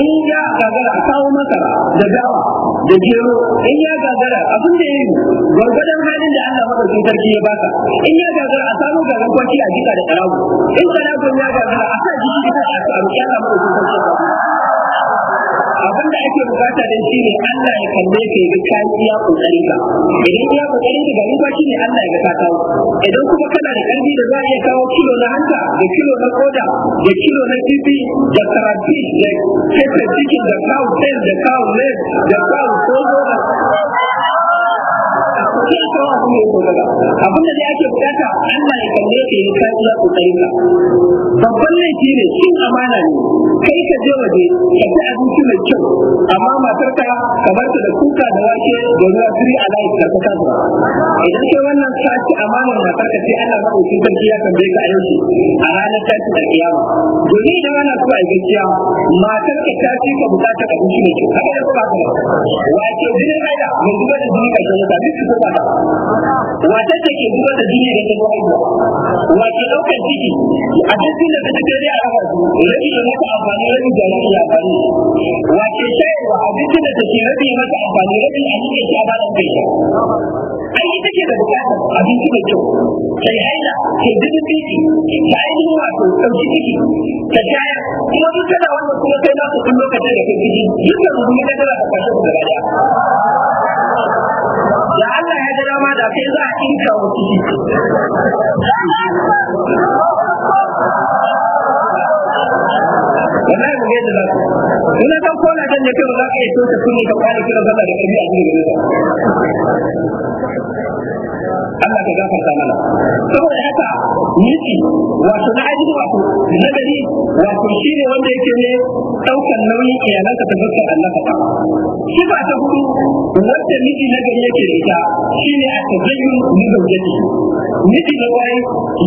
in ya gagara a kawo masara da dawa da gero in ya gagara abin da ya yi gwargwadon halin da Allah madaukakin sarki ya baka in ya gagara sadar a samu garin kwanci a jika da karago in karago ya gagara a sa jiki ta a tsaro ya samu da kwanci abin da ake bukata dan shine Allah ya kalle ka yi ga iya kokari ka idan iya kokari ka gari ba shine Allah ya ga ka idan kuma kana da karfi da za iya kawo kilo na hanta da kilo na koda da kilo na kifi da karafi da kefir cikin da kawo sel da kawo leg da kawo sozo da sai a kawo abin da ya sauka abin da dai ake bukata Allah ya kalle ka yi ka babban laifi ne cin amana ne kai ka je waje ka ci abinci mai kyau amma matar ka ka bar ta da kuka da wake da ruwa turi a layi ka ba idan kai wannan ka amana matar ka sai Allah madaukakin sarki ya kalle ka a yau a ranar tashi da kiyama domin idan ana so a gaskiya matar ka ta ci ka bukatar abinci mai kyau haka da kuma haka wake jinin aida mun zuba da jini ka shi wata duk haihuwa ba wata ce ke zuwa da jini da ta zo haihuwa wa ke ɗaukar ciki a cikin da ta take a rabi ya mata amfani rabi da rabi ya amfani wa ke shayarwa a cikin da take rabi ya amfani rabi a cikin ta ba da kai ai ita ke da bukatar abinci mai kyau sai haila ke dubu ciki ta ainihin wato ɗauki ciki ta shayar kuma duk tana wannan kuma sai za su lokacin da ke ciki duk da rubutu na tana da kashe da da Allah ya ga dama da sai za a kinka wa ciki wallahi mu gaida lafiya ina san ko na canja kai ba za ka iya tota kuma ka kwana kira zama da kabi a cikin Allah ka gafarta mana saboda haka miki wato na aji wato nazari wato shine wanda yake ne nauyin iyalanka ta fuska Allah ka shi ta hudu wanda miji na gari yake da ita shine aka zayyun ni zaujati miji na wai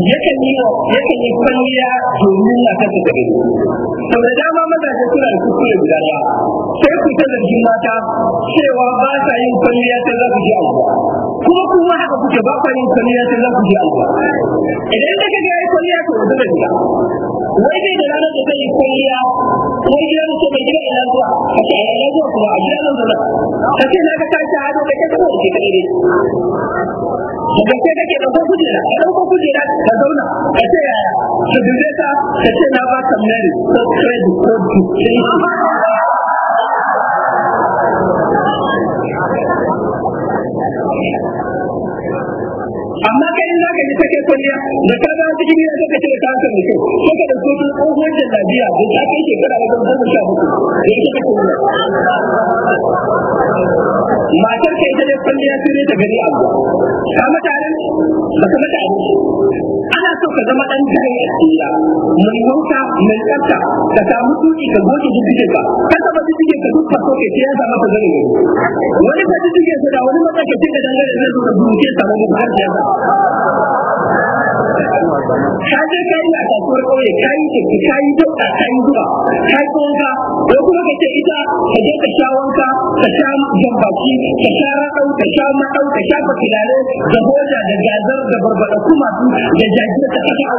yakan yi yakan yi kwalliya domin na kasa da gari sau da dama mazaje suna da kuskure guda ɗaya sai ku ta zargin mata cewa ba sa yin kwalliya ta za su a kuma haka kuke ba ku yin kwalliya sai za ku idan da kaga yayi kwalliya to wanda zai wai bai da ranar da zai yi wai gida da bai gida ina zuwa a ce eh, zuwa kuma a gida nan zuwa ka ce na ka tashi a hado ka kai ne da ke kake ɗaukar kujera kujera ka zauna ka ce ka ka ce na ba ko credit ko amma kai in ka ji take kwalliya da ka ga wata jini da ce ta hankali ne ko ka da su tun tsohon da lafiya da ta kai shekara wajen goma sha hudu da ita ta kwalliya. matar kai ta da kwalliya sai dai ta gani abu ka mutanen baka mata ana so ka zama dan jihar Asiya mai wanka mai tsafta ka samu tuki ka goce jijjige ka ka taba jijjige ka duk ka soke ya zama ka gani wani ka jijjige ka da wani matsakacin da dangane da zai zo ka buke samu bukatar ya zama Come on. ka je ka a kasuwar ƙauye ka yi yi yi yi wanka kuma ka ce ita ka je ka sha wanka ka sha ka sha ka sha ka sha da hoda da gazar da barbaɗa kuma da jajira ta ba nuke da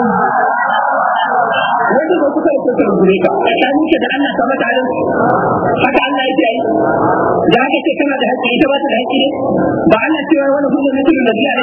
Allah ta mata alin haka Allah yake yi da haka ce kana da haƙƙi ita ba ta da haƙƙi ba Allah cewa wani hujja mutum da biya da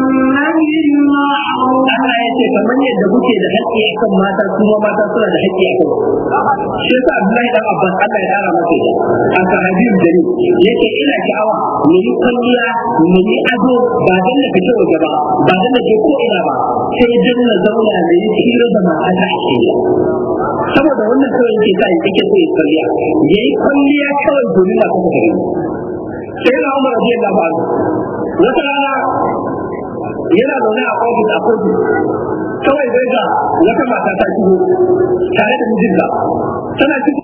Allah ya ce kamar yadda kuke da haƙƙi akan mata kuma mata suna da haƙƙi akan shi yasa Abdullahi dan Abbas Allah ya masa a sahabin da ni yake ina sha'awa mu yi kwalliya mu yi ado ba dan da fito waje ba ba dan da ke ko ina ba sai dan na zauna da yi hira da mata ake saboda wannan kawai yake sa yake so kwalliya kwalliya kawai domin na kuma sai na Umar wata rana yana zaune a ofis a kurkuku kawai zai ga wata mata ta shigo tare da mijinta tana cikin